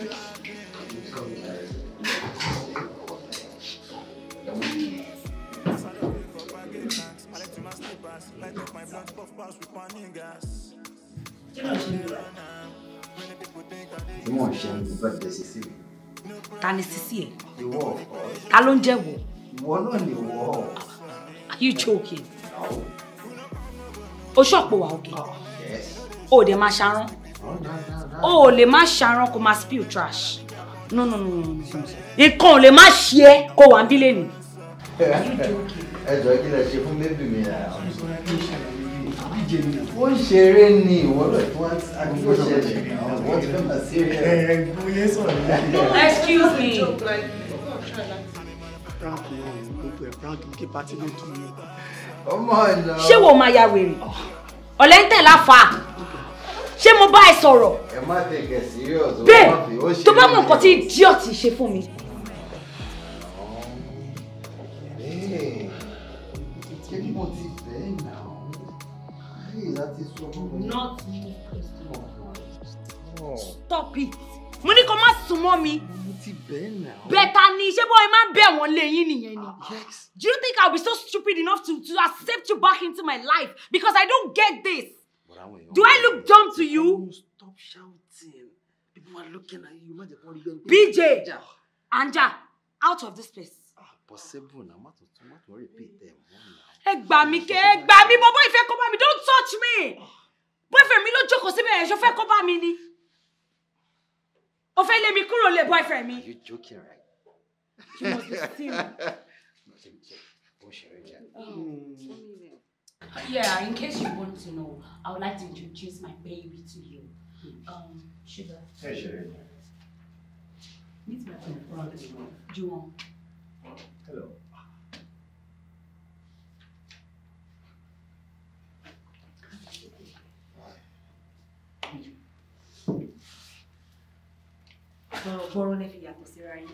Você não achando que pode descer ta ni sisi ẹ ta ló ń jẹ wọ. ìwọ náà are you joking. o ṣọ̀pọ̀ wa òkè ah, o dẹ̀ máa ṣarán oh, o ò lè má ṣarán kó máa spill trash no no no no nǹkan ò lè má ṣe é kó wà ń bí lẹ́nu. ẹ jọ kí lè ṣe fún bébì mi díje ni. ó ń ṣeré ni ìwọ́dọ̀ tí wọ́n agbègbè ṣẹlẹ̀ wọ́n ti fẹ́ máa ṣeré. ẹ ẹ mo yẹ sọ̀rọ̀ ní. excuse me. frank ni gbogbo ẹ frank kí pati lè tún yín. ọmọ ìlà. ṣé wo máa ya wèrè ọ̀lẹ́ ń tẹ̀ láfa ṣé mo bá ẹ sọ̀rọ̀. ẹ má tẹ̀ gẹ̀ sí ọ̀dọ́ wọn fi ó ṣe é. bẹ́ẹ̀ tó bá mọ nǹkan tí idiot ṣe fún mi Not you, oh. Stop it. Mo ní kó má sún mọ́ mi. Mo ti bẹ́ẹ̀ náà. Bẹ́ta ni ṣé bọ́ ẹ máa ń bẹ̀ wọ́n ni. Do you think I'll be so stupid enough to, to accept you back into my life because I don't get this? Do I look dumb to you? Stop shouting. People are looking at you. BJ, Anja, out of this place. Ah, possible na. Má tó tún má repeat them ẹ gbà mí kẹ ẹ gbà mí mo bọ́ ìfẹ́ kó bá mi don't touch me boyfriend mi ló jókòó síbẹ̀ ẹ̀ ṣó fẹ́ kó bá mi ni o fẹ́ lé mi kúrò lé boyfriend mi. Are you joking right? Oh, hmm. yeah in case you want to know I would like to introduce my baby to you hmm. um, sugar. Hey, sugar. Meet my friend, Juwon. Hello. gbọ́rọ̀ gbọ́rọ̀ lè fi yàtọ̀ síra yín.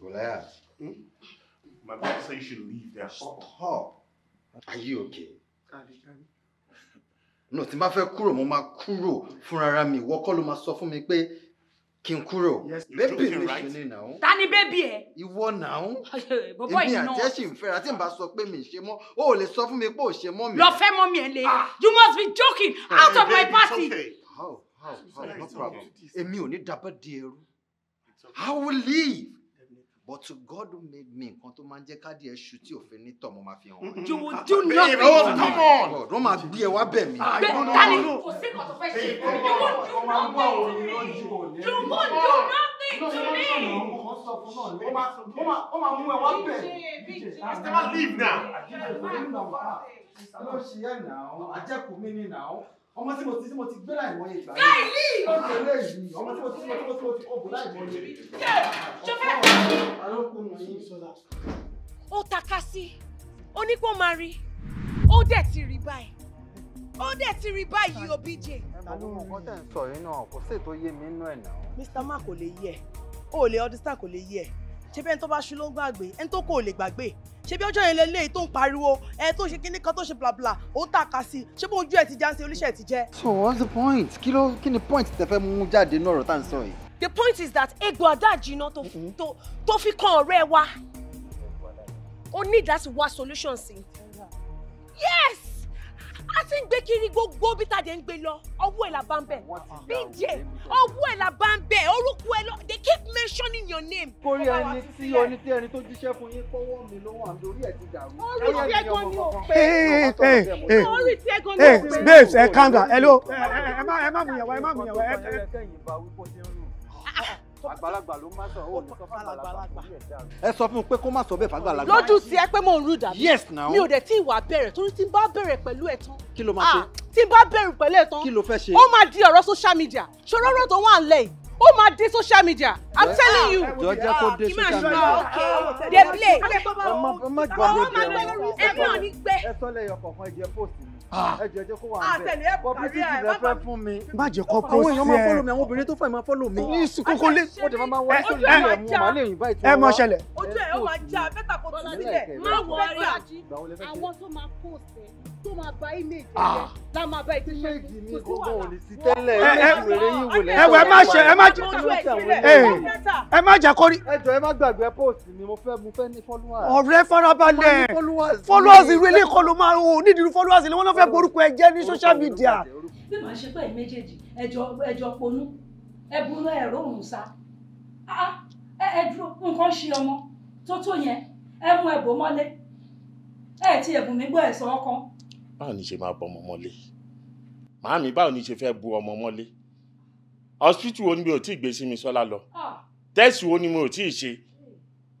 Goliath. Hmm? My mom said you should leave there. Stop. Are you okay? No, tí n bá fẹ́ kúrò, mo máa kúrò fúnra mi. Ìwọ kọ́ ló máa sọ fún mi pé kí n kúrò bébì mi ṣe baby. You ó. now? ni bébì ẹ. ìwọ nà ó. bọ́bọ́ yìí náà èmi àti ẹ̀sìn fẹ́ra tí n bá sọ pé mi ṣe mọ́ o ò lè sọ fún ah! you must be joking out of my party. how how how no problem èmi ò ní dábàá di i will leave but God made me nǹkan tó máa ń jẹ́ káàdì ẹ̀ ṣu tí òfin ní mo máa fi hàn you will do nothing. oh come on. God wọ́n máa bí ẹ wá bẹ̀ mí. bẹ́ẹ̀ tani kò sí kò tó fẹ́ ṣe you won't do nothing to me you won't do nothing to me. ó máa mú ẹ wá bẹ̀. Esther leave now. àjẹkù mi ni now àjẹkù mi ni now ọmọ tí mo ti tí mo ti gbé láì wọ́n yé ìgbà yẹn ọmọ tí mo ti ọmọ tí mo ti tí mo ti mo ti kọ́ bò láì wọ́n yé. ṣọfẹ́ arókùnrin yìí sọlá. ó taka sí ó ní kó máa rí ó dẹ̀ ti rí báyìí ó dẹ̀ ti rí báyìí OBJ. ẹnu mo kọ́ tẹ̀ ń sọ yín náà kò sí ètò yé mi nínú ẹ̀ náà. Mr. Mark kò lè yẹ o ò lè ọdún star kò lè yẹ ṣé bẹ́ẹ̀ ni tó bá ṣú ló ń gbàgbé ẹni tó kò lè gbàgbé ṣé ọjọ́ yẹn lè tó ń pariwo ẹ tó ṣe kíní kan tó ṣe blabla ó ń tàka sí i ṣé bó ojú ẹ ti já oníṣẹ́ ti jẹ́. so what's the point kí ló kí ni point tẹ fẹ́ mú jáde ní ọ̀rọ̀ tá à ń sọ yìí. the point is that egbò adáàjìnà mm-hmm. tó fi kan ọ̀rẹ́ wa ó ní láti wá solution sí yes a ti ń gbé kiri gbogbo bí tàdé ń gbé lọ ọwọ́ ẹ̀ la bá ń bẹ̀ bj ọwọ́ ẹ̀ la bá ń bẹ̀ orúkọ ẹ̀ lọ they keep mentioning your name. kórè ẹni tí oní tí ẹni tó jíṣẹ́ fún yín kọ́wọ́ mi ló wà lórí ẹ̀ ti dàrú. orí tí ẹ̀gbọ́n ni ò pé orí tí ẹ̀gbọ́n ni ò pé. babes ẹ calm hello ẹ má mú yẹn wá ẹ má mú yẹn wá àgbàlagbà ló má sọ ó ní sọ fún àgbàlagbà ẹ sọ fún un pé kó má sọ bẹ́ẹ̀ fàgbàlagbà. lójú sí ẹ pé mò ń rude àbí. yes now. mi ò dẹ̀ tí ìwà bẹ̀rẹ̀ torí tí n bá bẹ̀rẹ̀ pẹ̀lú ẹ̀ tán. kí ló máa ṣe. Ah, tí n bá bẹ̀rẹ̀ pẹ̀lú ẹ̀ tán. kí ló fẹ́ ṣe. ó máa di ọ̀rọ̀ social media ṣòro ọ̀rọ̀ tó wà ń lẹ̀ yìí ó máa dé social media i'm yeah. telling ah, you. jọ jẹ kó dé social media. dey ah, play. ọmọ ọmọ gbàgbé bẹ̀rù. ẹ náà ní gbẹ. ẹ sọ lẹ́yìn ọkọ̀ọ̀kan ẹ jẹ post mi. Ah, ẹjọ kó wà ń bẹ bọbítì ti rẹ fẹ fún mi. má jẹ kó kó sí ẹ àwọn èèyàn máa fọlọ mi àwọn obìnrin tó fẹ́ máa fọlọ mi. ní ìsìn kókó lé. ó dẹ̀ máa wá sórí ilé ẹ̀ mú màá lè yìnbá ìtura. ẹ mọ ṣẹlẹ̀. ojú ẹ̀ ó máa já bẹ́tà kó post ẹ̀ tó máa ba image rẹ ah. la máa ba ìpínlẹ̀ kò sí wàhálà. ìgbọ̀ngàn ò ní sí tẹ́lẹ̀ ẹ wèrè yín wò lẹ́yìn. ẹwẹ ẹ má ṣe ẹ má jẹ ẹ má jẹ kórí. ẹ jọ ẹ má gbàgbé post ni mo fẹ́ mo fẹ́ ní followers. ọ̀rẹ́ farabalẹ̀ followers irú ilé kan ló máa ò nídìí followers ni wọ́n náà fẹ́ borúkọ ẹ jẹ́ ní social media. bí màá ṣe pẹ́ méjèèjì ẹjọ́ ponú ẹbùnú ẹ̀rọ òun sá ah, ah, ẹ dúró nǹkan ṣe ọmọ tó tó yẹn ẹ mú ẹbùn mọ́lé ẹ ti ẹ̀bùn mi gbọ́ ẹ̀sán ọkàn báwo ni ṣe máa bọ ọmọ mọ́lé màámi báwo ni ṣe fẹ́ bu ọmọ mọ́lé hospital wo ni mi ò tí ì gbé sí mi sọ́lá lọ ah. tẹ́sì wo ni mi ò tí ì ṣe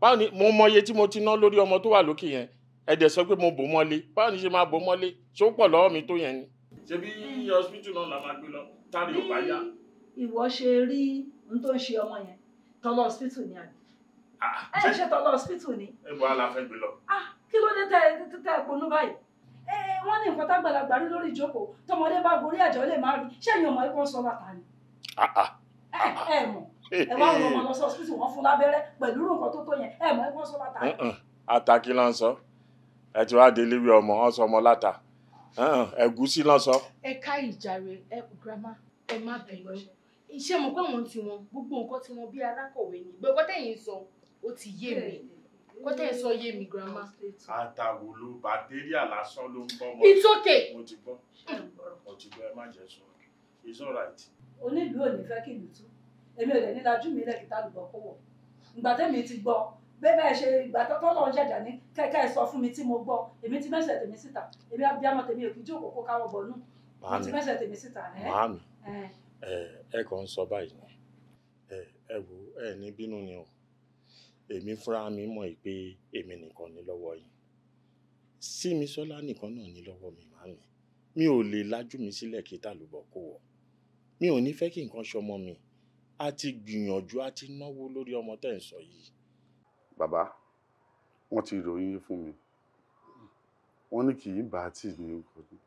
báwo ni mo mọ iye tí mo ti ná lórí ọmọ tó wà lókè yẹn ẹ̀dẹ̀ sọ pé mo bò mọ́lé báwo ni ṣe máa bò mọ́lé ṣó pọ̀ lọ́wọ́ mi tó yẹn ni. ṣebí hospital náà la máa gbé lọ tárí ò bá yá. ìwọ ṣe rí n tó ń ṣe ọmọ yẹn tọlọ hospital ni àbí. Ah. ẹ ṣe tọlọ hospital ni. ẹ bọ́ àlàfẹ́ gbé lọ. Ah, kí ló dé tẹ ẹ ponú báyìí wọ́n ní nǹkan tágbàlagbà rí lórí ìjókòó tọmọdé bá gorí àjọ lè má rí ṣẹ́yìn ọmọ ẹ̀kọ́ sọ bàtà ni. Ah, ah. ẹ ẹ mọ ẹ wá wọn ọmọ lọ sọ sísù wọn fún lábẹ́rẹ́ pẹ̀lú nǹkan tó tó yẹn ẹ mọ ẹ̀kọ́ sọ bàtà ni. ataki ló ń sọ ẹ ti wá délé wí ọmọ ọ sọmọ láta ẹ̀gúsí ló ń sọ. ẹ ká ìjàre ẹ girama ẹ má bẹ̀rẹ̀ iṣẹ́ mọ̀ pé wọ́n ti wọn gbogbo nǹkan ti wọn bí alákọ̀wé ni gbogbo tẹ̀yìn sọ ó ti yé mi kó tẹ̀ sọ yé mi grandma. àtàwò ló bàtẹ́ríà lásán ló ń bọ́ mọ́. it's okay. mo ti gbọ́ mo ti gbọ́ ẹ má jẹ́ sọ it's alright. onílùú ò ní fẹ́ kí ìlú tú èmi ò lè ní lajú mi lẹ́kì tá lùbọ̀ kó wọ̀ ìgbà tẹ́mi ti gbọ́ bẹ́ẹ̀ ṣe ìgbà tọ́lọ́ ń jẹ̀dá ní kẹ́kẹ́ sọ fún mi tí mo gbọ́ èmi ti mẹ́sẹ̀ tèmi síta èmi abiyamọ tèmi ò kì í jókòó kó káwọ́ bọ̀ nù èmi ti mẹ́sẹ̀ tèmi síta. màámi ẹ ẹ kàn ń sọ báyìí ẹ ẹ wò ẹ ní bínú ni o èmi fúnra mi mọ̀ pé èmi nìkan ní lọ́wọ́ yín Símisọ́lá nìkan náà ní lọ́wọ́ mi màámi mi ò lè lajú mi sílẹ̀ kí tàlùbọ̀ kó wọ̀ mi ò ní fẹ́ kí nǹkan ṣọmọ mi a ti gbìyànjú a ti náwó lórí ọmọ tẹ́ ń sọ yìí. bàbá wọn ti ròyìn fún mi wọn ní kì í bá a tì ní ọgọdún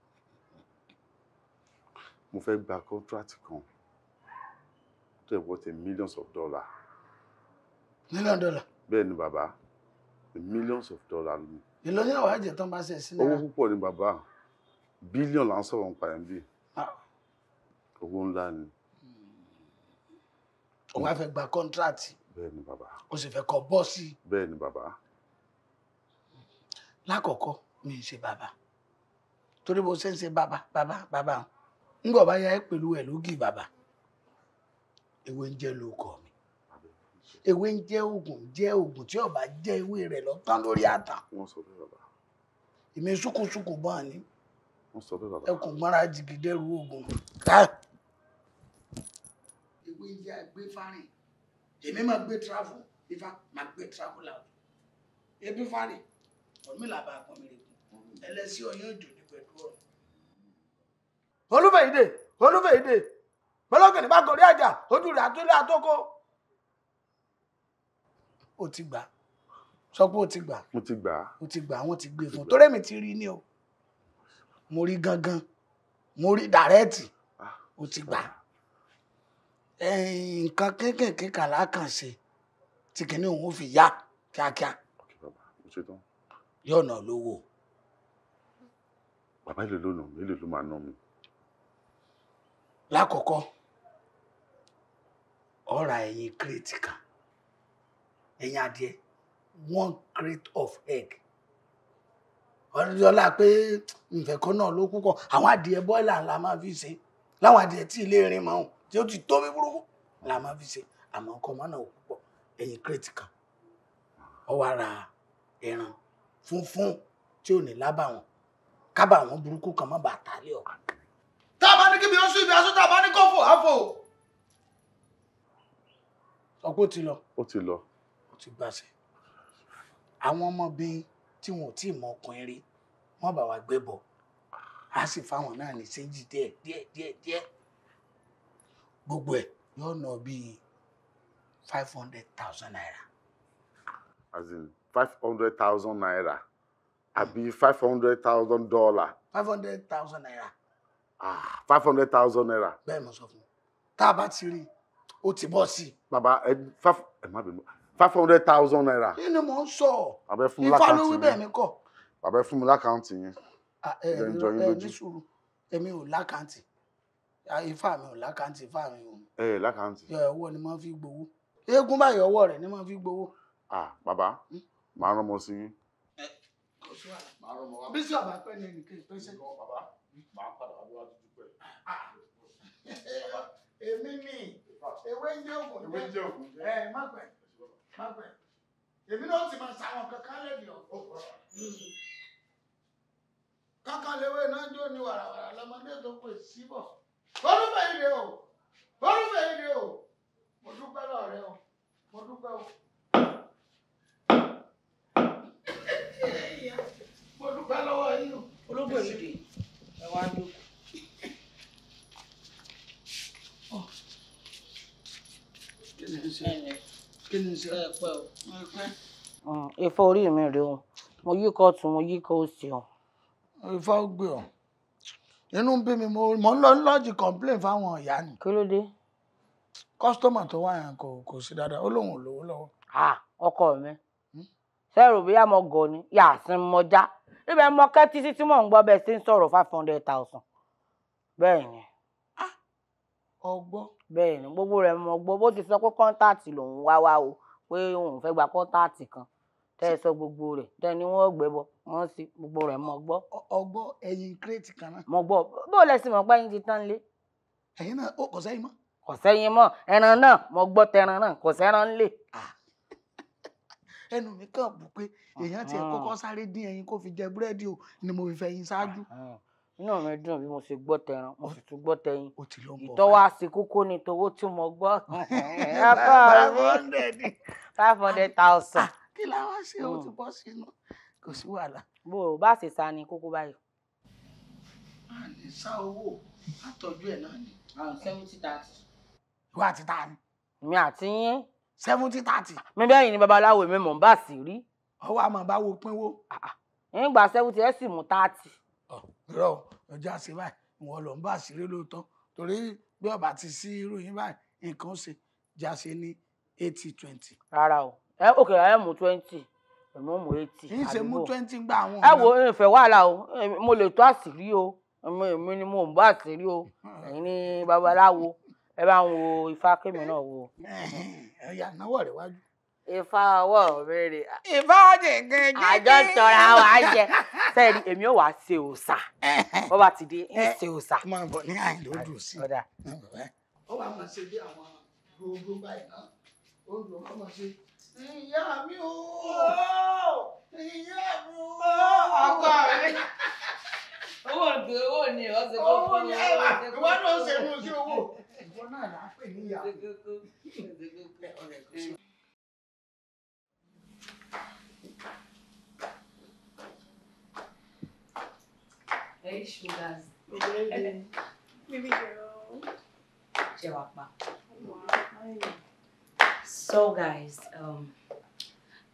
mo fẹ́ gba contract kan tó ẹ̀ wọ́tẹ̀ millions of dollars million dollar. bẹ́ẹ̀ ni bàbá millions of dollars ni. èlò ní àwọn àjẹ tán bá ṣe sí náà. owó púpọ̀ ni bàbá bílíọ̀n là ń sọ̀rọ̀ nípa ẹ̀ ń bì owó ńlá ni. o wá fẹ́ gba kọ́ńtíráàtì. bẹ́ẹ̀ ni bàbá. o sì fẹ́ kọ́ bọ́ọ̀sì. bẹ́ẹ̀ ni bàbá. lákọ̀ọ́kọ́ mi ń ṣe bàbá torí bó ṣe ń ṣe bàbá bàbá bàbá ń gbọ̀ bá yá pẹ̀lú ẹ̀ lógì bàbá ewé ń jẹ́ lóko mi ewé ń jẹ́ oògùn jẹ́ oògùn tí ọba jẹ́ ewé rẹ̀ lọ́tàn lórí àtà. wọ́n sọ bẹ́ẹ̀ bàbá. èmi ṣùkùṣùkù bá a ní. wọ́n sọ bẹ́ẹ̀ bàbá. ẹkùn mara jìgìdẹ́rù oògùn. ewé ń jẹ́ àgbé fárìn èmi máa gbé tíráfù ifá máa gbé tíráfù làwọn. ebi fárìn ọ̀nmìlà bá a kọ́ mi rè kú ẹlẹ́sìn ọyún òjò ní pẹ̀lú ọ̀rọ̀. olúfẹ̀yìndé olúfẹ̀yìndé bọ́lọ́kìnrin bá gọ̀rí àjà ojú rẹ̀ àtúndé àtọ́kọ́ ó ti gbà sọ pé ó ti gbà mo ti gbà ó ti gbà wọ́n ti gbé fún torí èmi ti rí ni o mo rí gangan mo rí dàrẹ́ẹ̀tì ó ti gbà nǹkan kéékèèké kàlá kàn ṣe tí kìíní òun fi yá kíákíá yọ̀nà lówó. bàbá èlò ló nà mí èlò ló máa ná mi. lákọ̀ọ́kọ́ ọ̀ra ẹ̀yìn kírètì kan ẹ̀yin adìẹ one crate of egg ọlọ́lá pé nfẹ̀kọ́ náà ló kú kọ́ àwọn adìẹ bọ́ìlà la máa fi ṣe láwọn adìẹ tí ilé rin mọ́ ohun tí ó ti tóbi burúkú la máa fi ṣe àmọ́ ọkọ̀ mọ́ náà púpọ̀ ẹ̀yìn crate kan ọ wá ra ẹran funfun tí ò ní lábàwọ́n kábàwọ́n burúkú kan mọ́ bàtà lé ọ̀. tá a bá ní kíbi oṣù ibi aṣọ tá a bá ní kọ́fọ̀ àfọ̀. ọkọ ti lọ. ó ti lọ ti gbàṣẹ àwọn ọmọbìnrin tí wọn ò tí ì mọ ọkùnrin rí wọn bá wa gbé bọ a sì fáwọn náà ní séjì díẹ̀ díẹ̀ díẹ̀ díẹ̀ gbogbo ẹ yóò ná bíi five hundred thousand naira. as in five hundred thousand naira àbí five hundred thousand dollar. five hundred thousand naira. ah five hundred thousand naira. bẹ́ẹ̀ mo sọ fún un tá a bá ti rí i ó ti bọ́ sí i. bàbá ẹ má bínú five hundred thousand naira. kí ni mò ń sọ. àbẹ fún mi lákàntì yẹn ifá ló wí bẹ́ẹ̀ mi kọ́. àbẹ fún mi lákàntì yẹn. ẹ ẹ ní sùúrù èmi ò lákàntì ah, ifá mi ò lákàntì ifá mi ò. ẹ lákàntì. ẹ ọwọ́ ni mo fi gbowó eégún báyìí ọwọ́ rẹ̀ ni mo fi gbowó. ah bàbá hmm? màá rán ọmọ sí yín. bísí eh, ọba pẹ́ ni ẹnìkan ìpèsè. bàbá màá padà wá wá dúdú pẹ́. èmi ni ewé ń jẹ́ òògùn. ewé ń jẹ́ òògùn. ẹ eh, má pẹ́ kábẹ̀ èmi náà ti máa sáwọn kankan lẹ́bi ọ̀pọ̀ kákàléwé náà jó ní wàràwàrà lọ́mọdé tó pè síbọ̀ bọ́lúfẹ̀ ire o bọ́lúfẹ̀ ire o mo dúpẹ́ lọ́rẹ́ o mo dúpẹ́ o. mo dúpẹ́ lọ́wọ́ yín o. olóògbé mi dè ẹ wá jókòó. Oh. Kí ni kí ni ṣe. ẹ pẹ o ẹ pẹ. ìfọ mm, orí mi rèé o mo yí kọ tún mo yí kọ òsì o. ìfọ gbé ọ inú ń bí mi mo ń lọ lọ́ọ̀jì complain fáwọn ìyá ni. kí ló dé. kọ́sítọ́mà tó wà yẹn kò kò sí dáadáa ó lóun ò lówó lọ́wọ́. ọkọ mi sẹ́rù bí àmọ́ gọ̀ ni yàtún mọ́já ibẹ̀ mọ́kẹ́ títí tí mò ń gbọ́ bẹ́ẹ̀ sí ń sọ̀rọ̀ five hundred thousand bẹ́ẹ̀ ni ọgbọ́. bẹ́ẹ̀ ni gbogbo rẹ̀ mọ̀ gbọ́ bó ti sọ pé kọ́ńtáàtì lòun wá wá o pé òun fẹ́ gba kọ́ńtáàtì kan tẹ́ ẹ sọ gbogbo rẹ̀ tẹ́ ni wọ́n gbẹ bọ wọ́n sì gbogbo rẹ̀ mọ̀ gbọ́. ọgbọ́ ẹyin kírètì kan náà. mọ̀ gbọ́ bó lẹ sì mọ̀ pé ẹyin ti tán lé. ẹyin náà ó kọ̀ sẹ́yìn mọ́. kọ̀ sẹ́yìn mọ́ ẹran náà mọ̀ gbọ́ tẹran náà kọ̀ sẹ́ran lè. ẹnu mi kàn bù pé èèyàn tiẹ̀ kọ́kọ́ sáré dín ẹyin kó fi jẹ búrẹ́dì o ni mo fi fẹ́ yin ṣáájú inú mi dùn bí mo ṣe gbọ́ tẹran mo sì tún gbọ́ tẹyin ìtọ́wọ́ àṣekókó ni towó tí mo gbọ́ five hundred thousand. Ah, kí la wá ṣe o ti hmm. bọ́ sínú kò sí wàhálà. bó o bá ṣe sa ni kókó báyìí. a ní sá owó àtọ́jú ẹ̀ náà ni. seventy thirty. ìwà àti ta ni. mi àti yín. seventy thirty. mi bẹ́ẹ̀ ni babaláwo mi mọ̀ bá sì rí. ọwọ́ àmọ̀ bá wo pínwó. Ah, ah. ń gbà seventy ẹ̀ sì mú thirty irọ́ ọjọ́ àṣẹ báyìí ìwọ ló ń bá àṣírí lóòótọ́ torí bí ọba ti sí irú yín báyìí nǹkan ṣe jáṣe ní eighty twenty. rárá o ẹ òkè ẹ mú twenty èmi ò mú eighty. kì í ṣe mú twenty gbà àwọn. ẹ wo ìfẹ́ wàhálà o mo lè tó àṣírí o èmi ni mo ń bá àṣírí o ẹ̀yin ni babaláwo ẹ bá ń wo ifá kémi náà wo. ẹ̀yà náwó rẹ̀ wájú ìfà ọwọ́ rere. ìfà ọ̀jẹ̀gẹ̀ jẹ́ kí. àjọ tọra wa jẹ sẹ́ẹ̀rì èmi ò wá ṣe òòṣà bó bá ti di ń ṣe òòṣà. máa bọ̀ ní àyìn ló dùn sí. ó wàá máa ṣe bí àwọn gbogbo báyìí náà ó ń lọ máa ṣe. ìyá mi ò ìyá mi ò ọkọ rẹ. owó òde owó ni ọ̀sẹ̀ kò fún mi. ìwọ náà ṣe mú sí owó. ìwọ náà là pè ní ìyá. very shoulders. Baby girl. Chewapa. So guys, um,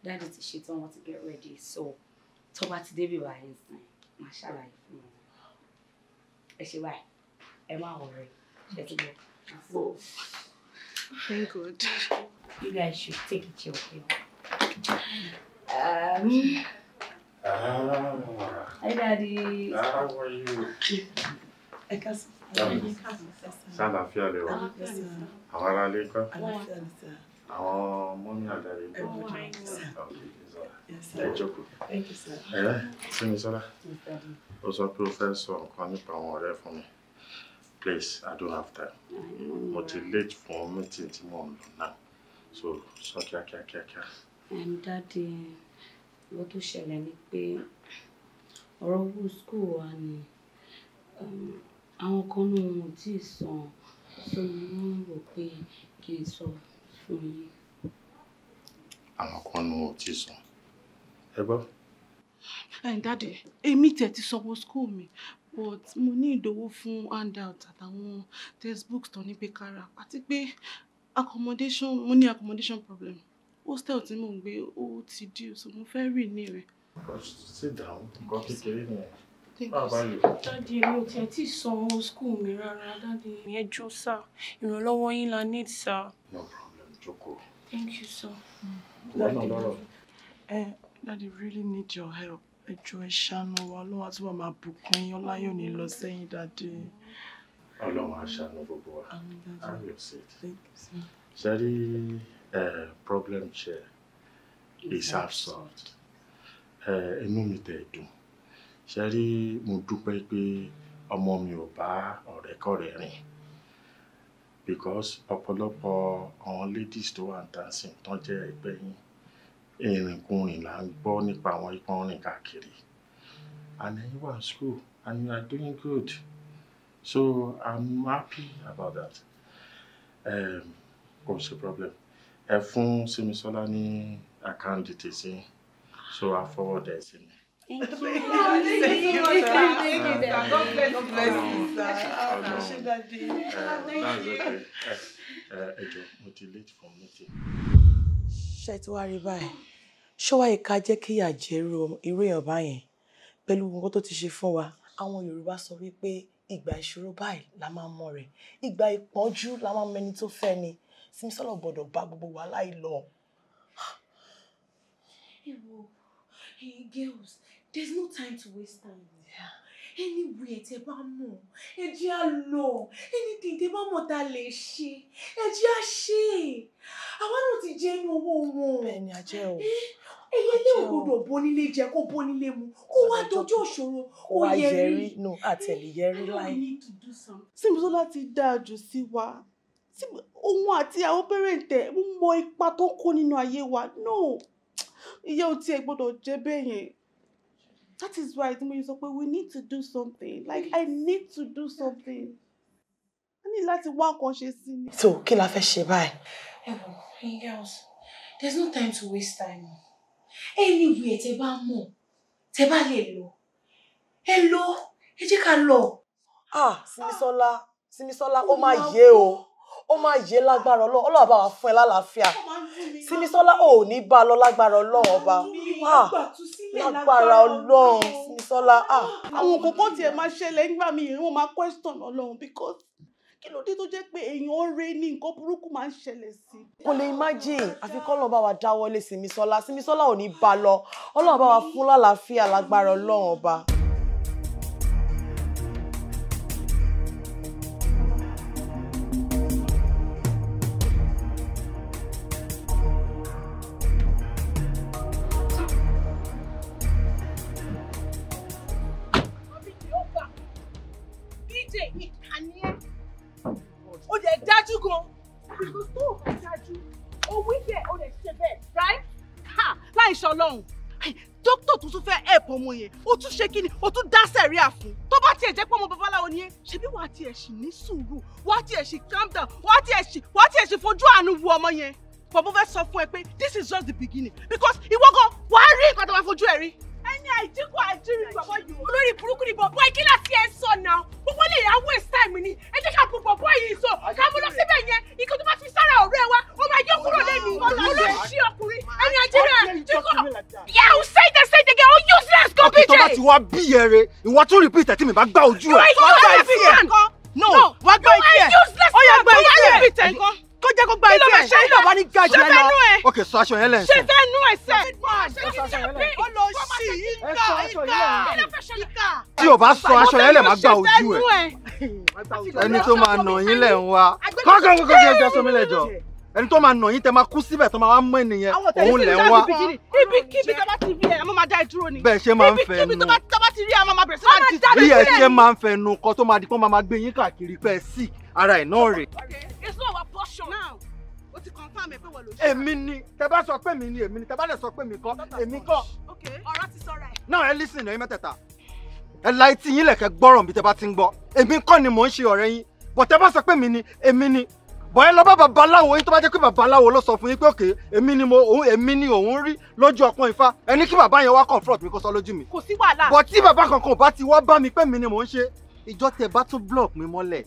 daddy ti ṣetán wọn to get ready so tó bá ti débi báyìí nsìn máa ṣàlàyé fún wọn ẹ ṣe báyìí ẹ má wọrẹ Thank God. You guys should take it to chill. Um, Ah. Hi, Daddy. Ah, how are you? Ẹ káàsán. Ṣàlàáfíà lẹ wà. Àwọn ará ilé kọ́. Àwọn sir. àdáyé kọ́. Ẹ jókòó. Ẹ̀rẹ́ Simisola, o sọ pé o fẹ́ sọ nǹkan nípa àwọn ọ̀rẹ́ fún mi. Please, I don't have time. Mo ti late for meeting tí mò ń lọ náà. So, sọ kíákíá kíákíá. Daddy wọ́n tó ṣẹlẹ̀ ni pé ọ̀rọ̀ owó school wa ni um, àwọn kan ní wọn tí ì san so mo ń rò pé kí n sọ fún yín. àwọn kan ní wọn ò tí ì san ẹ gbọ́. dádì èmi tẹ̀ ti sanwó school mi but mo ní ìdówó fún handout àtàwọn textbooks tó ní pé kára àti pé accommodation mo ní accommodation problem hostel tí mò ń gbé ó ti dí o so mo fẹ́ rìn ní rẹ̀. sit down nǹkan kékeré nìyẹn bàbá yìí. dáàdi èmi ò tiẹ̀ tí ì san owó skul mi rárá dáàdi mi ẹ jó sá ìrànlọ́wọ́ yín la need sá. no problem jókòó. thank you sir. wọ́n náà lọ́rọ̀. ẹ dáàdi really need your help ẹ jọ̀ọ́ ẹ ṣàánú wa ọlọ́wà tí wàá máa bùkún yín ọláyọ̀ ní lọ sẹ́yìn dáàdi. ọlọ́wà á ṣàánú gbogbo wa. àmín dáàdi. ṣe rí problem share is half solved inú mi tẹ̀ dùn ṣe rí mo dúpẹ́ pé ọmọ mi ò bá ọ̀rẹ́kọ̀rẹ́ rìn because ọ̀pọ̀lọpọ̀ àwọn ladies tó wà ń dancing tán jẹ́ ẹgbẹ́ yín ìrìnkúrìn là ń gbọ́ nípa àwọn ipò rìn káàkiri and then you were school and you are doing good so I'm happy about that um, what's problem? ẹ fún Simisola ní account details yín so I forward ẹ sí mi. Thank you. Thank you. Thank you. Thank you. God bless you. Ṣé dàdí? ìka jẹ́ kí ìyà jẹ irú èèyàn báyẹn pẹ̀lú gbogbo tó ti ṣe fún wa. Àwọn Yorùbá sọ wípé ìgbà ìṣòro báyìí la máa mọ̀ rẹ̀. Ìgbà ìpọ́njú la máa mẹni tó fẹ́ ni. Símisọ́lọ̀ gbọ́dọ̀ bá gbogbo wa láì lọ. Ewo, hey girls, there's no time to waste time. Yeah. Anywhere tẹ bá mọ̀, ẹ jẹ́ á lọ. Anything tẹ bá mọ̀ ta lè ṣe, ẹ jẹ́ á ṣe. Àwa náà ti jẹ́ inú owó wọn. Bẹ́ẹ̀ni, a jẹ́ o. Eh, ẹyẹ ilé ògbódò bónílé jẹ kó bónílé mu kó wá dojú òṣòro kó yẹrí. Kó wá yẹrí, no, àtẹ̀lẹ̀ yẹrí láì. Símisọ́lá ti dáa jù sí wa tí òun àti àwọn pẹ́rẹ́ǹtẹ̀ ń mọ ipa tó kó nínú ayé wa no ìyá ò tiẹ̀ gbọ́dọ̀ jẹ́ bẹ́ẹ̀ yẹn that is why tí mo sọ pé we need to do something like I need to do something I need láti wá nǹkan ṣe sí ni. so kí la fẹ́ ṣe báyìí. ẹ wọ ẹyin girls there is no time to waste time anywhere tẹ bá mọ tẹ bá lè lọ ẹ lọ ẹ jẹ́ ká lọ. ah Simisola ah, Simisola ó máa yé o ó máa yé lágbára ọlọ́run ọlọ́run bá wa fún ẹ lálàáfíà Simisola ò ní bá a lọ lágbára ọlọ́run ọba ah, lágbára ọlọ́run Simisola. Ah. àwọn nǹkan kan tiẹ̀ máa ṣẹlẹ̀ nígbà míì wọ́n máa question ọlọ́run because kí ló dé tó jẹ́ pé èèyàn rẹ ní nǹkan burúkú máa ń ṣẹlẹ̀ sí. kò lè imagine àfi kọ́lọ́ bá wa dáwọ́lé Simisola Simisola ò ní bá a lọ ọlọ́run bá wa fún lálàáfíà lágbára ọlọ́run ọba. ṣe kí ni o tún dá sẹ̀ríà fún tó bá tiẹ̀ jẹ́ pé ọmọ babaláwo ni ẹ́ ṣebí wàá tiẹ̀ ṣì ní sùúrù wàá tiẹ̀ ṣì calm down wàá tiẹ̀ ṣì wàá tiẹ̀ ṣì fojú àánú wo ọmọ yẹn pọ̀ fẹ́ sọ fún ẹ pé this is just the beginning because ìwọ gan wàá rí nǹkan tó máa fojú ẹ rí. ẹni àìdínkù àìjírí bàbá yìí olórí burúkú ni bọ̀ bọ́ ìkílà tí ẹ sọ náà gbogbo lè yà waste time ni ìwọ bí ẹrẹ ìwọ tún repeat ẹ tí mi bá gbá ojú ẹ. wọ́n gbá etí ẹ̀ no wọ́n gbá etí ẹ̀ ó yẹ gbá etí ẹ̀ kó jẹ́ kó gbá etí ẹ̀ ṣé ìlọ bá ní ga jù ẹ lọ. ok sọ aṣọ yẹn lẹ́sẹ̀. ṣe fẹ́nu ẹ̀ sẹ́. ó lọ sí ìka ìka ìka. tí o bá sọ aṣọ yẹn lẹ̀ máa gbá ojú ẹ ẹni tó máa nà yín lẹ̀ ń wá kọ́kọ́ kọ́kọ́ kí ẹ jọ sómi lẹ̀ jọ ẹni tó máa nà yín tẹ máa kú síbẹ̀ tó máa wá mọ ènìyàn òun lẹ̀ ń wá. ibi kíbi tó bá ti rí ẹ a máa dá ìdúró ni. bẹ́ẹ̀ ṣe máa ń fẹ́ nu ibi kíbi tó bá ti rí ẹ a máa bẹ̀rẹ̀ sí máa di sílẹ̀. bí ẹ ṣe máa ń fẹ́ nu kọ́ tó máa di kó máa gbé yín káàkiri pé ẹ sì ara ẹ̀ náà rè. it's not our portion. now o ti confirm ẹ pé wọ́n ló ṣe. èmi ni tẹ bá sọ pé mi ni èmi ni tẹ bá dẹ̀ sọ pé mi kọ́ èmi kọ́. ọ̀rọ̀ ti sọ̀rọ̀ ẹ̀. náà ẹ lísìn ẹ̀yin mẹ́tẹ̀ẹ̀ta ẹ la etí yín lẹ̀kẹ́ gbọ́rọ̀ bí tẹ bá ti ń gbọ́ èmi kọ́ ni mò ń ṣe ọ̀rẹ́ yín bọ̀ tẹ bá sọ pé mi ni èmi ni bọ̀ ẹ lọ bá babaláwo yín tó bá jẹ́ pé babaláwo ló sọ fún yín pé òkè èmi ni mo òun èmi ni òun rí lójú ọpọ́n ifá ẹni kí bàbá yẹn wá confront mi kó sọ lójú mi. kò sí wàhálà. bọ̀ tí bàbá kankan ò bá ti wá bá mi pé mi ni mò ń ṣe ìjọ tẹ bá tún block mi mọ́lẹ̀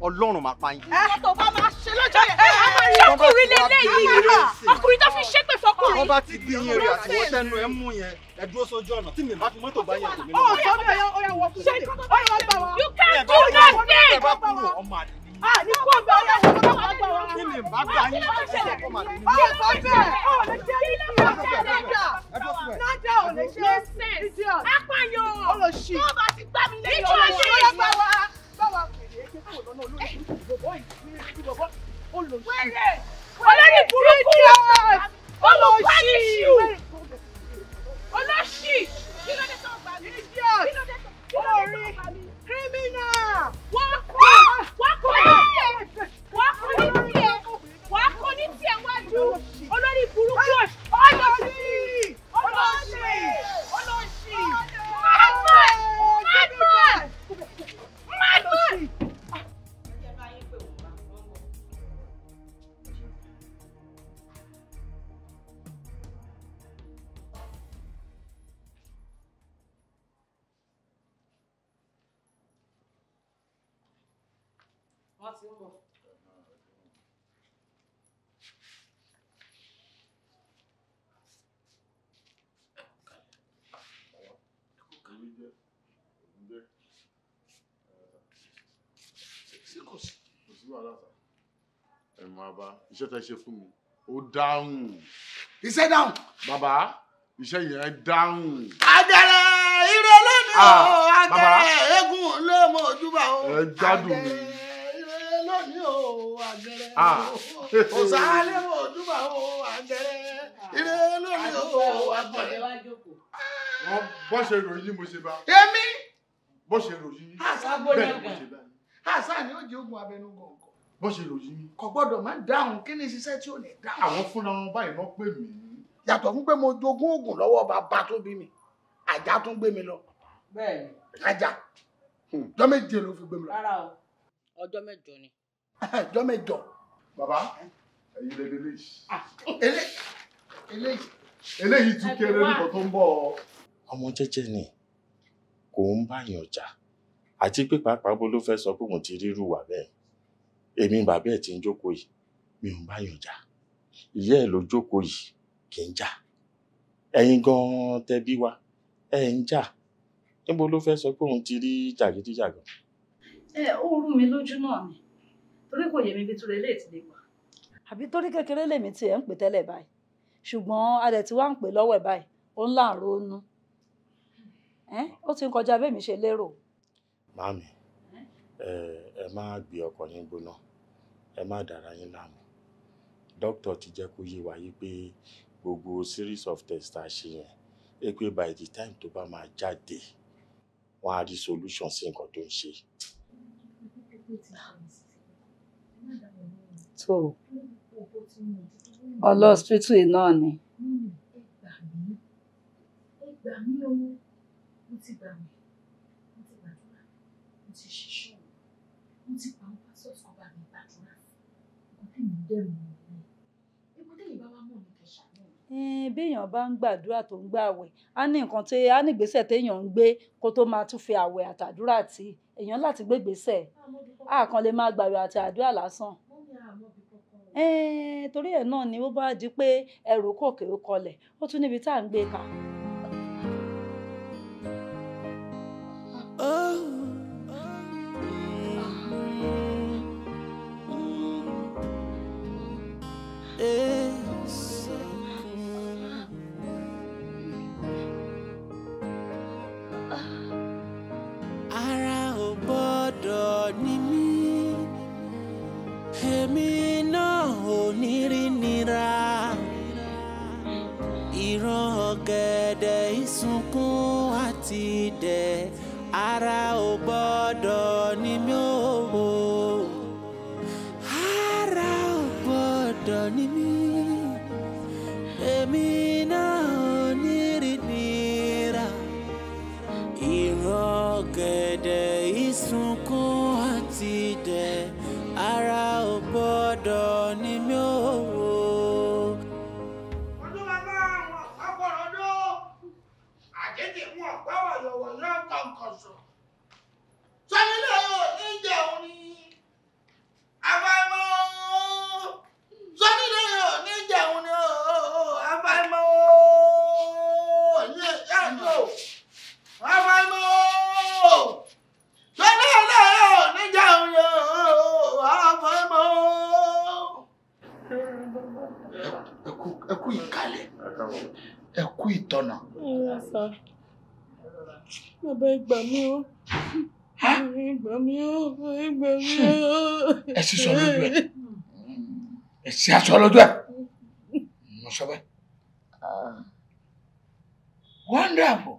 ọlọ́run máa pa yín. ẹ tó bá máa ṣe lọ́jọ́ yẹn. ọkùnrin lélẹ́yìí ọkùnrin tó fi ṣépè fọkùnrin. ọba ti gbin yẹn rẹ àti wọ́n tẹnu ẹ mú yẹn ẹ sójú ọ̀nà tí mi bá fi mọ́tò bá yẹn tèmi lọ. ọ̀ iṣẹ́ tẹ́ ṣe fún mi ó dáhùn. iṣẹ́ dáhùn. bàbá iṣẹ́ yẹn dáhùn. àjẹrẹ ire lónìí ah, o àgẹrẹ eégún ló mọ ojúbà o. ẹ gbádùn mi. ire lónìí o àgẹrẹ ah. o sáré mọ ojúbà o àgẹrẹ ire lónìí o àgẹrẹ. wọ́n bọ́ ṣe ròyìn mo ṣe bá. èmi. bó ṣe ròyìn. àṣà gbọ́dọ̀ gan àṣà ni ó jẹ́ ogun abẹnú kọ̀ọ̀kan bó ṣe ròyìn mi. kò gbọ́dọ̀ má dáhùn kí ni ṣiṣẹ́ tí ò ní dáhùn. àwọn fúnra wọn báyìí náà pè mí. yàtọ̀ fún pé mo jogún oògùn lọ́wọ́ bàbá tó bí mi ajá tún gbé mi lọ. bẹ́ẹ̀ni. ajá hmm. ọjọ́ méje ló fi gbé mi lọ. rárá o ọjọ́ mẹ́jọ ni. ọjọ́ mẹ́jọ. bàbá ẹ̀yin lè lè ah. ele ele eléyìí tún kéré nípa tó ń bọ̀. ọmọ jẹ́jẹ́ ni kò ń báyàn jà àti pé pàápàá bó ló fẹ́ sọ pé òun ti rírú wà bẹ́ẹ̀ èmi bàbá ẹ̀ tí ń jókòó yìí mi ò bá yàn jà ìyá ẹ̀ ló jókòó yìí kì í jà ẹ̀yin gan-an tẹbí wa ẹ̀ ń jà níbo ló fẹ́ sọ pé òun ti rí jàgídíjàgan. ẹ ó rú mi lójú náà ni torí kò yẹ mi bí túrẹ lè ti lè wà. àbí torí kékeré lèmi tiẹ̀ ń pè tẹ́lẹ̀ báyìí ṣùgbọ́n adẹ̀ tí wá ń pè lọ́wọ́ ẹ̀ báyìí ó ń láàárọ̀ ó nú ó ti ń kọjá bẹ́ẹ̀ mi ṣe lérò. màámi ẹ má gbé ọkọ yín gbóná ẹ má dára yín láàmú dókítà ti jẹ́ kó yé wa yí pé gbogbo series of tests tá a ṣe yẹn é pé by the time tó bá máa jáde wọ́n á rí solution sí nǹkan tó ń ṣe. tó ọlọ́ọ̀sìpítù náà ni. ẹ dẹrù eh, mi èkó tẹ́yìn bá wá mọ̀ ní kẹsà náà. béèyàn bá ń gbàdúrà tó ń gbààwẹ̀ á ní nǹkan tí á ní ìgbésẹ̀ téèyàn ń gbé kó tó máa tún fi àwẹ̀ àtàdúrà tí èèyàn láti gbé ìgbésẹ̀ á kàn lè máa gbààwẹ̀ àtàdúrà lásán eh, torí ẹ̀ náà ni ó bá di pé ẹrù kòkè ó kọlẹ̀ ó tún níbi tá à ń gbé e kà. Oh. ẹ kú ìkàlẹ̀ ẹ kú ìtọ́nà. bàbá ìgbà mi ó ìgbà mi ó ìgbà mi ó. ẹ sì sọ lójú ẹ ẹ sì sọ lójú ẹ mo sọ bẹ́ẹ̀. wonderful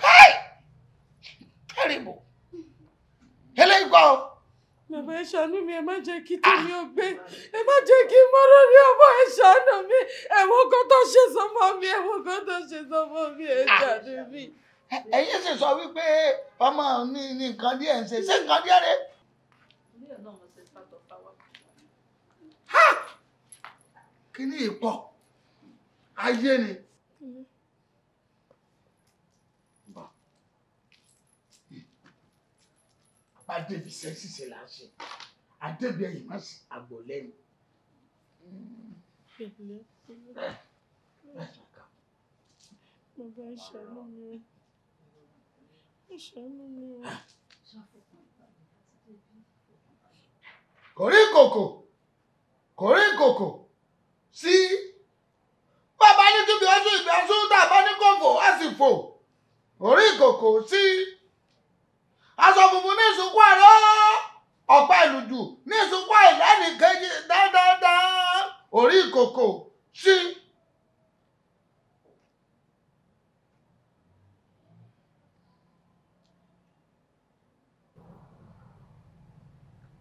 kai terrible eléyìí kọ́ ọ bàbá ẹ ṣàánú mi ẹ má jẹ́ kí ah! tèmi ò gbé ẹ má jẹ́ kí n mọ́rọ́ rí ọmọ ẹ ṣàánú mi ẹ̀wọ̀n kan tó ṣe sọmọ mi ẹ̀wọ̀n kan tó ṣe sọmọ mi ẹ ah! ṣàánú mi. ẹ̀yin sì sọ wípé ọmọ mi ní nǹkan díẹ̀ ń ṣe ṣé nǹkan díẹ̀ rẹ. kí ni ìpọ̀ ayé ni. bá débi sẹ́sìsì là ń ṣe àdébi ẹ̀yìn má sì àgbò lẹ́yìn. bàbá ìṣàánú mi ìṣàánú mi o. kòrí kòkò kòrí kòkò sí bàbá ní kíbi ọsùn ìgbà sùn tàbá ní kò fò á kòrí kòkò sí. Si aṣọ funfun ní ìsìnkú àrọ́ ọ̀pá ìlùjù ní ìsìnkú àìlẹ́nìkejì dáadáa orí ìkòkò sí.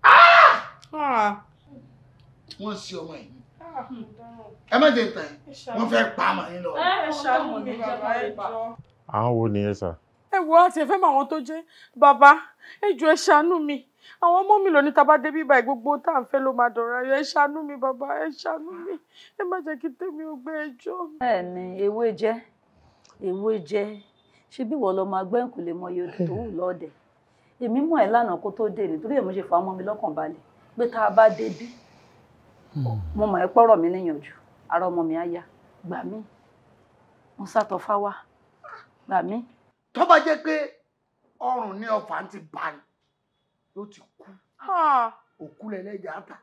Ah! wọ́n sí ọmọ yìí ah, ẹ má jẹ́ ìtàn yìí wọ́n fẹ́ pa àmọ́ yín lọ. àwọn wo ni sà ẹ wo àti ẹ fẹ́ mọ àwọn tó jẹ́ bàbá ẹ ẹ ṣàánú mi àwọn ọmọ mi lóní tá a bá dé bíbá gbogbo tá à ń fẹ́ ló máa dọ̀rọ̀ ayọ̀ ẹ ṣàánú mi bàbá ẹ ṣàánú mi ẹ má jẹ́ kí tèmi ò gbé ẹjọ́. bẹ́ẹ̀ ni ewé jẹ́ ewé jẹ́ ṣé bí ìwọ lọ máa gbẹ́ǹkù lè mọ iye tó wù lọ́ọ̀dẹ̀ èmi mọ̀ ẹ́ lánàá kó tó dé nítorí èmi ṣe fà ọmọ mi lọ́kàn balẹ̀ pé tá a bá dé bí mo mọ̀ ẹ́ pọ́rọ̀ mi níyànjú ara ọmọ mi á yá gbà mí mo sátọ fáwa gbà mí tó bá jẹ́ pé ọrùn ní ọfà ti bá ní yóò ti kú òkú lẹ́lẹ́jà àtà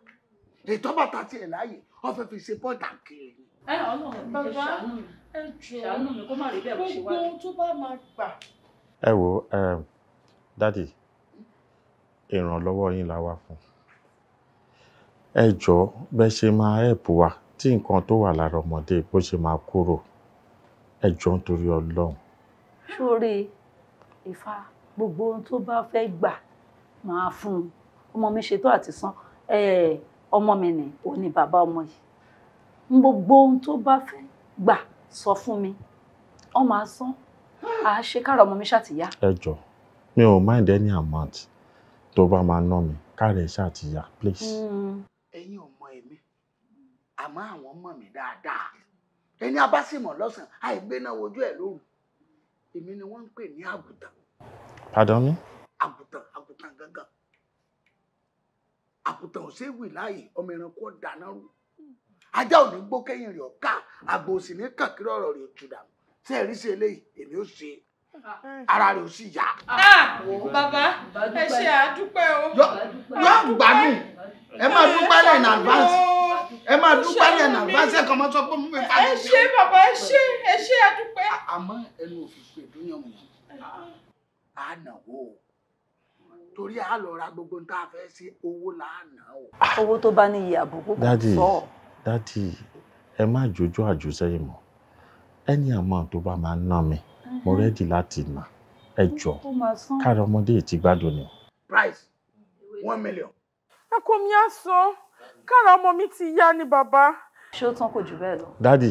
ètò bàtà tiẹ̀ láàyè ọ̀fẹ́ fi ṣe bọ́ọ̀dà kiri. ẹ ọlọ́run mi ṣe ṣàánú mi ṣàánú mi kó má rí bẹ́ẹ̀ bó ṣe wá. gbogbo tó bá máa gbà. ẹ wo dádì ìrànlọ́wọ́ yín la wá fún ẹ jọ̀ọ́ bẹ́ẹ̀ ṣe máa help wa tí nǹkan tó wà lára ọmọdé bó ṣe máa kúrò ẹ jọ̀ọ́ nítorí ọlọ́run sórí Ifá gbogbo ohun tó bá fẹ́ gbà máa fún un ọmọ mi ṣètò àti san ọmọ mi nì ó ní bàbá ọmọ yìí gbogbo ohun tó bá fẹ́ gbà sọ fún mi ọ máa san à á ṣe káàrọ̀ ọmọ mi ṣàtìyá. ẹ jọ mi ò mind any amount tó bá máa ná mi káàrẹ̀ ṣàtìyá please. Hmm. ẹ̀yin ò mọ èmi àmọ́ àwọn mọ̀ mí dáadáa ẹni abásìmọ̀ lọ́sàn-án àìgbéná wojú ẹ̀ lóru èmi ni wọ́n ń pè ní àgùntàn. pardon me. àgùntàn àgùntàn gangan àgùntàn ò séwì láàyè ọmọ ẹranko dáná rú ajá ò ní gbó kẹ́yìn rẹ̀ ọ̀ká àgbò òsì ní kàkiri ọ̀rọ̀ rẹ̀ tù dànù tí ẹ̀rí ṣe eléyìí èmi ò ṣe Ah. ara rẹ̀ ò sì yá. Ah, bàbá ẹ ṣe àdúpẹ́ o. yóò gbádùn ẹ máa dúpẹ́ lẹ̀ in advance ẹ máa dúpẹ́ lẹ̀ in advance ẹ kàn máa sọ pé mo fẹ́ fàájì. ẹ ṣe bàbá ẹ ṣe ẹ ṣe àdúpẹ́. àmọ́ ẹnu òfin pè dúnyàn mọ̀ á nà wó o torí a lọ ra gbogbo nǹkan a fẹ́ sí owó là á nà o. owó tó bá ní iye àbùkù kò sọ. dádì ẹ má jójó àjò sẹ́yìn mọ́ ẹni àmọ́ tó bá máa ná mi mo rẹ́dì láti nà ẹ jọ káàrọ̀ ọmọdé ti gbádùn ni. price one million. ẹ kò mi á sọ káàrọ̀ ọmọ mi ti yá ni bàbá. ṣé ó tán kò jù bẹ́ẹ̀ lọ. dádì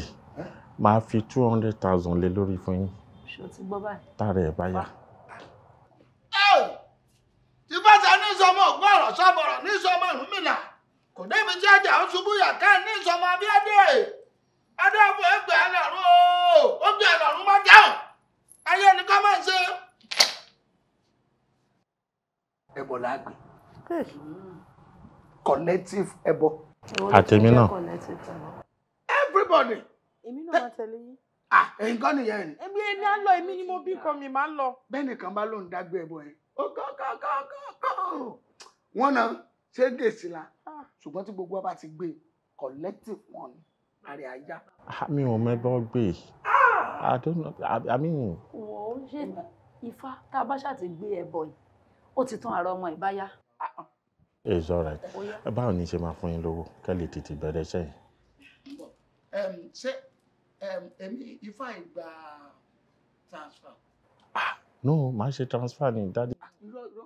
máa fi two hundred thousand lé lórí fún yín. ṣé o ti gbọ́ báyìí. tààrà ẹ̀ bá yá. ẹ ò tí bàtà ní sọmọ ògbọ́n ọ̀rọ̀ sọ́bọ̀rọ̀ ní sọmọ Ọ̀rúnmìlà kò débi tí ọjà ń ṣubú yàtá ní ìsọmọ abíádé adáàbò ẹgbẹ́ ẹlẹ́rú ó gbé ẹlẹ́rú má dáhùn ayé ẹnìkan máa ń ṣe. ẹbọ la gbé collective ẹbọ. àtẹ̀mí náà. everybody. èmi náà máa tẹ̀lé yín. ah nǹkan nìyẹn ni. èmi ẹni á lọ èmi ni mo bí kan mi máa ń lọ. bẹ́ẹ̀ nìkan bá lóun dágbé ẹbọ yẹn ó kọ́kọ́kọ́kọ́ wọ́n náà ṣé gèsì la ah. ṣùgbọ́n tí gbogbo wa ti gbé collective wọn ni àrẹ ajá. Ah, mi ò mẹ́gbọ́ gbé. Ah, I don't know. I, I mean. Wò ó ṣe ifá tá a bá ṣàti gbé ẹbọ yìí, ó ti tán àrà ọmọ ìbáyá. It's all right. Báwo ni ṣe máa fún yín lówó kẹ́ lè tètè bẹ̀rẹ̀ um, yìí? Ṣé èmi ifá ìgbà transfer? Ah, no, màá ṣe transfer ni, dádì. Ah,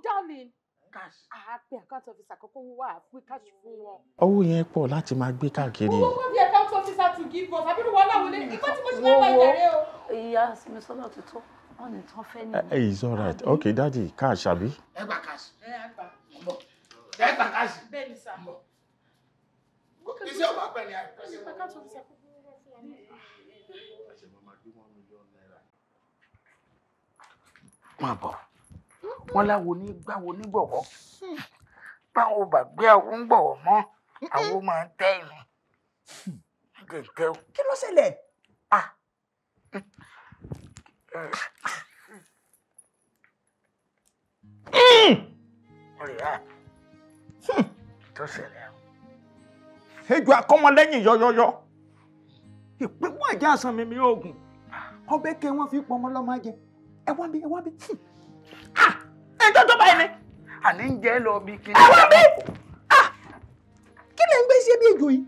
Darling cash. a pe account kọ́kọ́ wá pé cash fún wọn. owó yẹn pọ̀ láti máa gbé káàkiri. owó kọ́ bí account officer to give us àbí wọn náà wọlé nígbà tí mo ṣe máa bá ìjàre o. ìyá mi sọ́nà ti wọ́n ní tán fẹ́ ní. ẹ eh, cash àbí. ẹ gba cash. ẹ gba mọ ẹ gba cash. bẹ́ẹ̀ni sá. mọ iṣẹ́ ọba pẹ̀lú àìpẹ́sẹ̀ wọn. máa bọ̀ wọ́n láwo ní gbáwo nígbọ̀wọ́ hmm. báwo bàgbé àwọn ń gbọ̀wọ́ mọ́ àwọn máa ń tẹ́ ìrìn gẹ̀gẹ́ hmm. o. kí ló ṣẹlẹ̀? tó hmm. ṣẹlẹ̀ o. ejò akọ́mọlẹ́yìn yọyọyọ ìpínpọ̀ ẹ̀jẹ̀ àsán mi mi oògùn ọbẹ̀ kẹ́ wọ́n fi pọ̀ ọmọ lọ́mọ jẹ ẹ wá bí ẹ wá bí ẹjọ́ tó báyìí ni. àní ń jẹ́ lọ bí kiri. ẹ wá bí ah! kí lè ń gbé ṣe bí ejò yìí.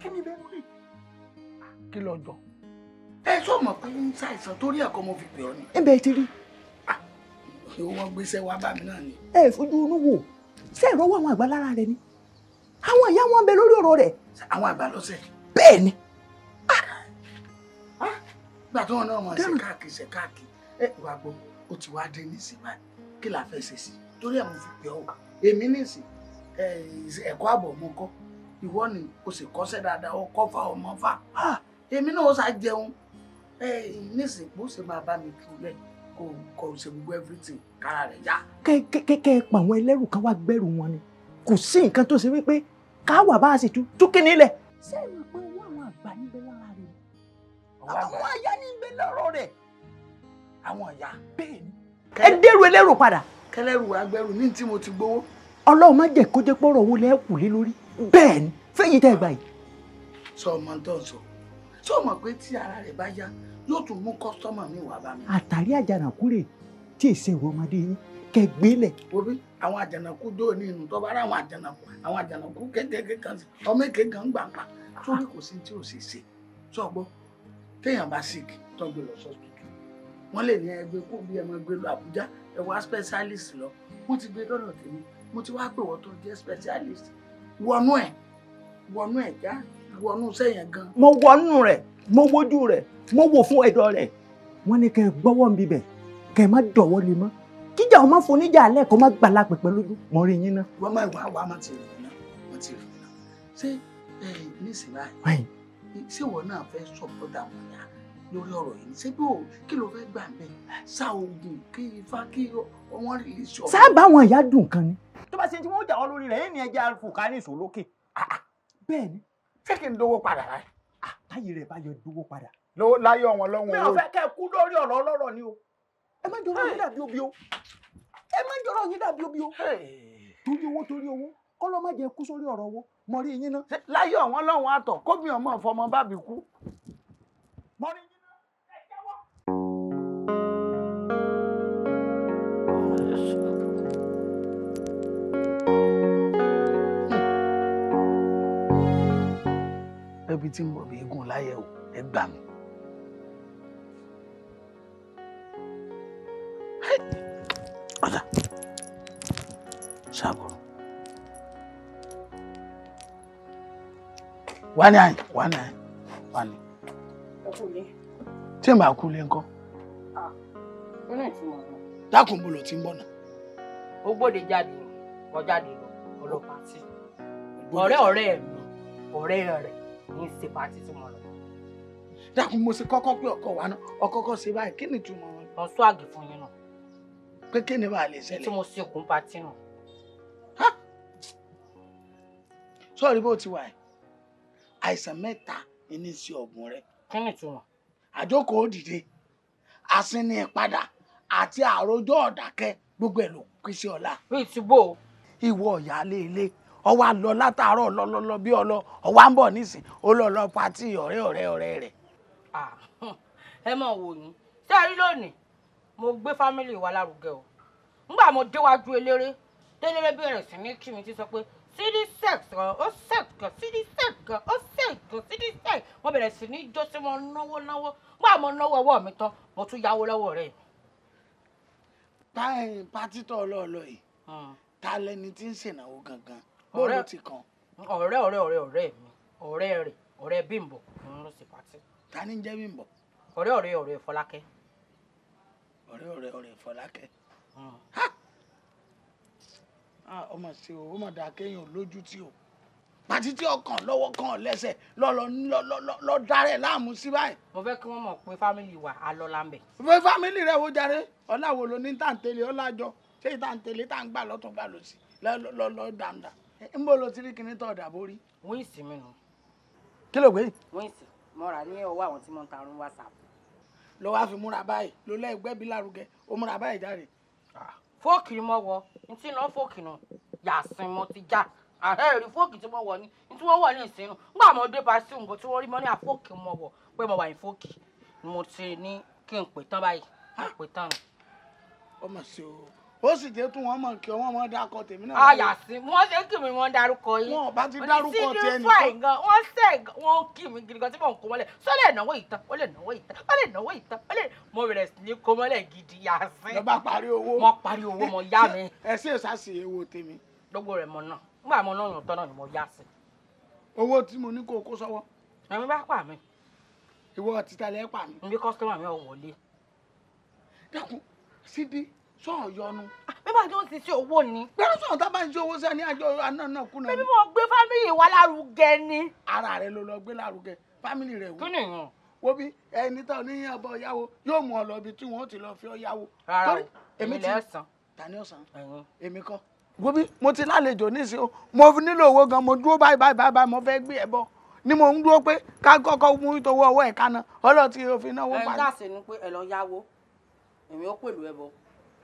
kí ni bẹ́ẹ̀ rí kí lọ jọ. ẹ sọ mọ̀ pé ń ṣàìsàn torí ẹ̀kọ́ mo fi pè ọ́ ni. ẹ bẹ́ẹ̀ ti rí. ìwọ ah! wọn gbéṣẹ́ wá bá mi náà ni. ẹ fojú inú wò ṣé ìrọwọ́ àwọn àgbà rẹ ni àwọn ìyá wọn bẹ lórí ọ̀rọ̀ rẹ̀. àwọn àgbà lọ́sẹ̀. bẹ́ẹ̀ ni gbà tó náà mọ̀ ṣe káàkiri ṣe káàkiri ẹ wà gbọ́ ó ti wá dé ní ìsìn báyìí kí la fẹ́ ṣe sí torí ẹ̀ mo fi pè ọ́ èmi ní ìsìn ẹ̀kọ́ àbọ̀ mo kọ́ ìwọ ni o sì kọ́ṣẹ́ dáadáa o kọ́ fa ọmọ fa èmi náà ó sá jẹun nísìnyí bó ṣe máa bá mi túlẹ̀ kò kò ṣe gbogbo everything kára rẹ̀ yá. kẹ́kẹ́ pa àwọn ẹlẹ́rù kan wá gbẹ́rù wọn ni kò sí nǹkan tó ṣe wípé káwà bá a sì tú túkì nílẹ̀. sẹ́yìn pé owó àwọn àgbà níbẹ̀ àwọn aya ní ibẹ̀ lọ́rọ̀ rẹ̀ àwọn ọ̀yà. ẹ dẹ́rù ẹlẹ́rù padà. kẹlẹ́rù agbẹ́rù ní tí mo ti gbowó. ọlọ́run má jẹ́ kó jẹ́ pọ́rọ̀ owó lẹ́ẹ̀kù lé lórí bẹ́ẹ̀ ni fẹ́yìí tẹ́ ẹ gbà yìí. sọ ọmọ tó ń sọ sọ ọmọ pé tí ara rẹ̀ bá yá yóò tún mú kọ́sọ́mà mi wá bá mi. àtàrí àjànàkú rè tí èsè ìwọ ọmọdé yín kẹ gbélẹ̀. obi àwọn àjànàkú dóò ní inú tọ́ba ara àwọn àjànàkú àwọn àjànàkú kékeré kan ọmọ èké kan gbàǹgbà sórí kò sí tí ò sì ṣe sọ téèyàn bá sick tó ń gbé lọ sọ́sítútù wọ́n lè ní ẹgbẹ́ kó bí ẹ máa gbé lọ Àbújá ẹ wá specialist lọ wọ́n ti gbé lọ́nà tèmi mo ti wá pè wọ́n tó jẹ́ specialist wọnú ẹ̀ wọnú ẹ̀ já wọnú sẹ́yìn gan. mo wọnú rẹ̀ mo wojú rẹ̀ mo wò fún ẹ̀dọ̀ rẹ̀ wọ́n ní kẹ́ ẹ gbọ́wọ́ ń bibẹ̀ kẹ́ ẹ má dọ̀wọ́ lé mọ́ kíjà ọmọ foníjà alẹ́ kó má gbàlá pẹ̀pẹ́ lójú mọ́ rí yín náà. wọ́n máa wá wá má ti rìn náà má ti rìn náà ṣé ẹ ní ìsìn báyìí ṣé ìwọ náà fẹ́ support àwọn ìyá lórí ọ̀rọ̀ yìí ṣé bí o kí ló fẹ́ gbà bẹ́ẹ̀ ṣá oògùn kí ifá kí wọ́n rí i sọ. sábà àwọn ìyá dùn kan ni. tó bá ṣe tí wọ́n jà wọ́n lórí rẹ̀ yín ni ẹja fòkà lókè. Ah, ah. bẹ́ẹ̀ ni ṣé kí n dówó padà rẹ̀. àtàyè ah, rẹ̀ bá yọ dówó padà. láyọ̀ wọn lọ́wọ́ owó. mi ò fẹ́ kẹ́ ẹ kú lórí ọ̀rọ̀ ọlọ́rọ̀ ni o. ẹ má jọrọ yín dàbí obi o. ẹ má jọrọ yín dàbí obi o. torí owó torí owó kọ́lọ́ má jẹ kú sórí ọ̀rọ̀ owó mo rí yín náà. láyé ọ̀wọ́n lọ́wọ́n àtọ̀ kómi ọmọ ìfọmọ bàbí kú. ẹbí tí ń bọ̀ bí eégún láyé o ẹ gbà mí. ọ̀dà wà ní àyìn wà ní àyìn wà ní. tí n bá kú lé ńkọ́. dákun bolo ti ń bọ̀ náà. ó gbọ́dọ̀ jáde lọ jáde lọ ọlọ́pàá tí ọ̀rẹ́ ọ̀rẹ́ mi ọ̀rẹ́ rẹ̀ ní í ṣe pàtí tí mo lọ. dákun mo ṣe kọ́kọ́ pé ọkọ wa náà ọkọ́kọ́ ṣe báyìí kí ni ìtumọ̀ wọn. lọ sọ àgè fún yín náà. pé kí ni bá lè ṣẹlẹ̀. tí mo ṣe kún pàtí náà. sọ́ọ̀rì bó ti wà yìí àìsàn mẹ́ta ní sí ọ̀gùn rẹ. kí ni tiwọn. àjókò òdìdè àsìnì ìpadà àti àròjọ ọ̀dàkẹ́ gbogbo ẹ̀ ló pín sí ọ̀la. bí ti bò ó. ìwọ ọ̀yáálé ilé ọwọ́ àlọ́ látàárọ̀ lọ́lọ́lọ́ bí ọlọ ọwọ́ à ń bọ̀ nísìn ó lọ lọ ọ̀rẹ́ ọ̀rẹ́ ọ̀rẹ́ rẹ̀. ẹ mọ̀ wò ní ṣé lónìí mo gbé fámìlì wa lárugẹ o nígbà mo déwájú eléré délé bẹ̀rẹ̀ sí ní kí mi ti sọ pé sídí sex kan ó sex kan sídí sex kan ó sex kan sídí sex mo bẹ̀rẹ̀ sí ní jó sí mo náwó náwó mo àmọ́ náwó ọwọ́ mi tán mo tún yáwó lọ́wọ́ rẹ̀. táyìn pátítọ̀ ọlọ́ọ̀lọ́ yìí ta lẹni tí ń ṣènáwó gangan bóòlù ti kàn. ọ̀rẹ́ ọ̀rẹ́ ọ̀rẹ́ ọ̀rẹ́ mi ọ̀rẹ́ rẹ̀ ọ̀rẹ́ bímbọ̀ ń lọ sí pátí. ta ni ń jẹ́ bímbọ̀. ọ̀rẹ́ ọ̀rẹ́ ọ̀rẹ́ fọlákẹ́. ọ̀rẹ́ ọ̀rẹ́ ọ̀rẹ́ fọlákẹ́. Ah, ọmọ ṣe o ó mà dáa kéèyàn lójú tí o pàtí tí ọkàn lọ́wọ́ kan lẹ́sẹ̀ lọ́lọ́ lọ́ darẹ̀ láàmú sí báyìí. mo fẹ́ kí wọ́n mọ̀ pé fámìlì wa á lọ lámbẹ̀. pé fámìlì rẹ̀ wo jàre ọ̀là wo ló ní tàǹtẹ̀lẹ̀ ọ̀làjọ ṣé tàǹtẹ̀lẹ̀ tá à ń gbà lọ́tún gbà lọ sí lọ́lọ́ dàǹdà. ń bọ́ lọ tírí kìíní tọ̀ dàbò rí. wíǹsì mi nù. kí ló gbé yìí. wíǹsì mo rà ní ọwọ́ àwọn tí mo ń tarun wásaàpù. lọ wá fi múra báyìí lọ lẹ́gbẹ́ fóòkì ni mo wọ ntí náà fóòkì nù yàsìn mo ti já àhẹ́rì fóòkì tí mo wọ ní ntí wọ́n wọ̀ ní ìsinú nígbà mo dé pàṣẹ òǹkọ tí wọ́n rí mọ́ ní àfóòkì mo wọ pé mo wà ní fóòkì ni mo ti ní kí n pè tán báyìí pè tán ni. ó mà o ó sì jẹ́ tún wọn mọ̀ kí wọ́n mọ̀ dákọ̀ tèmi náà. àyà sí wọ́n ṣe kí mi wọ́n darúkọ yín. wọn ò bá ti darúkọ ti ẹnì kan. wọ́n sẹ̀ wọ́n kí mi gidi gan tí mò ń kó mọ́lẹ̀ sọ lè náwó ìtàn ó lè náwó ìtàn ó lè náwó ìtàn ó lè mo bẹ̀rẹ̀ sí ní kó mọ́lẹ̀ gidi yà sí. lọ bá parí owó mo parí owó mo yá mi. ẹ sì sàṣì ewo tèmi. gbogbo rẹ mọ náà nígbà mo náà yàn tán náà ni mo yá sí. owó o kó sọ́wọ́. àmì bá pà sọ̀rọ̀ yọnu. bíbá jọ ń ṣiṣẹ́ owó ni. bẹ́ẹ̀ sọ̀rọ̀ tá a bá ń ṣe owó sẹ́ni àjọ àná náà kú náà. bíbí mo gbé fámìlì wa lárugẹ ni. ara rẹ ló lọ gbé lárugẹ fámìlì rẹ wò. kí ni ìhàn. wo bí ẹni tó ní ọbọ yáwó yóò mú ọ lọ ibi tí wọn ó ti lọ fi ọ yáwó. rárá o èmi ti tani ọ̀sán èmi kọ́. wo bí mo ti lálejò nísìnyí mo nílò owó gan mo dúró báyìí báyìí báyìí mo fẹ́ gbé ẹ bọ́ ni mo ń dúró pé ká kọ́kọ́ mú ìtòwó ọwọ́ ẹ̀ kaná ọlọ́ọ̀tì òfin náà wọ́n parí. ẹ̀ ń dà sínú pé ẹ lọ yáwó èmi ó pẹ̀lú ẹ bọ́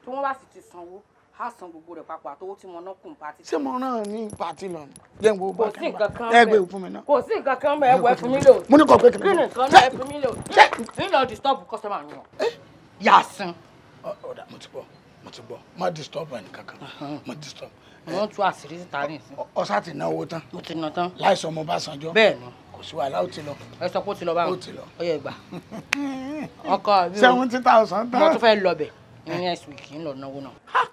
tí wọ́n bá sì ti sanwó a san gbogbo rẹ̀ papọ̀ àtọwọ́ tí mo ná kùn pati. ṣé mo rán ní pati lọ jẹ́ n wo bá kí n bá ẹ gbé fún mi náà. kò sí nǹkan kan bẹ́ẹ̀ wọ ẹfun mi lò. mo ní kò pé kìnìún. kí nìkan náà ẹfun mi lò. nílò disturb customer yẹn. Eh? yàsán. ọ̀dà mo ti bọ̀ mo ti bọ̀ má disturb ẹnì kankan má disturb. wọ́n tú àṣírí síta ní ìsín. ọ̀sá ti náwó tán. ó ti ná tán. láìsọ mo bá sanjọ. bẹ́ẹ̀ni kò sí wàhálà ó ti lọ. ẹ sọ pé ó ti lọ báwọn ó ti lọ. ọkọ mi ò ní next week ń lọ náwó náà.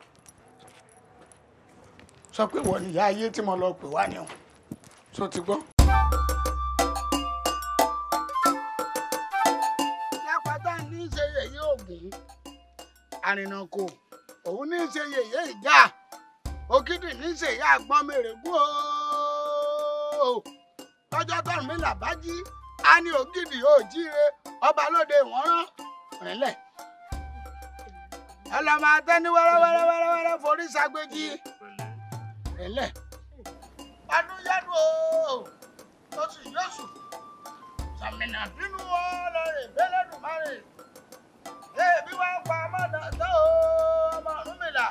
sọ pé wọ́n ìyá ayé tí mo lọ pè wá ni o tó ti gbọ́. lápáta ní í ṣe yèyé ògùn àrìnàkò òun ní í ṣe yèyé ìjà òkìdì ní í ṣe ìyá àgbọn mèrègún o lọ́jọ́ tọ́rùn a ní ògidì òjíire ọba lóde ìwọ̀n rán rìnlẹ̀ ọlọmọ atẹni wẹrẹwẹrẹ wẹrẹwẹrẹ forí sagbèjì ẹlẹ panuyanu o oṣù yọṣù sàmìnà bínú ọlọrin bẹlẹdùmarè èébí wàá pa ọmọdé tó ọmọ ọmọmìlà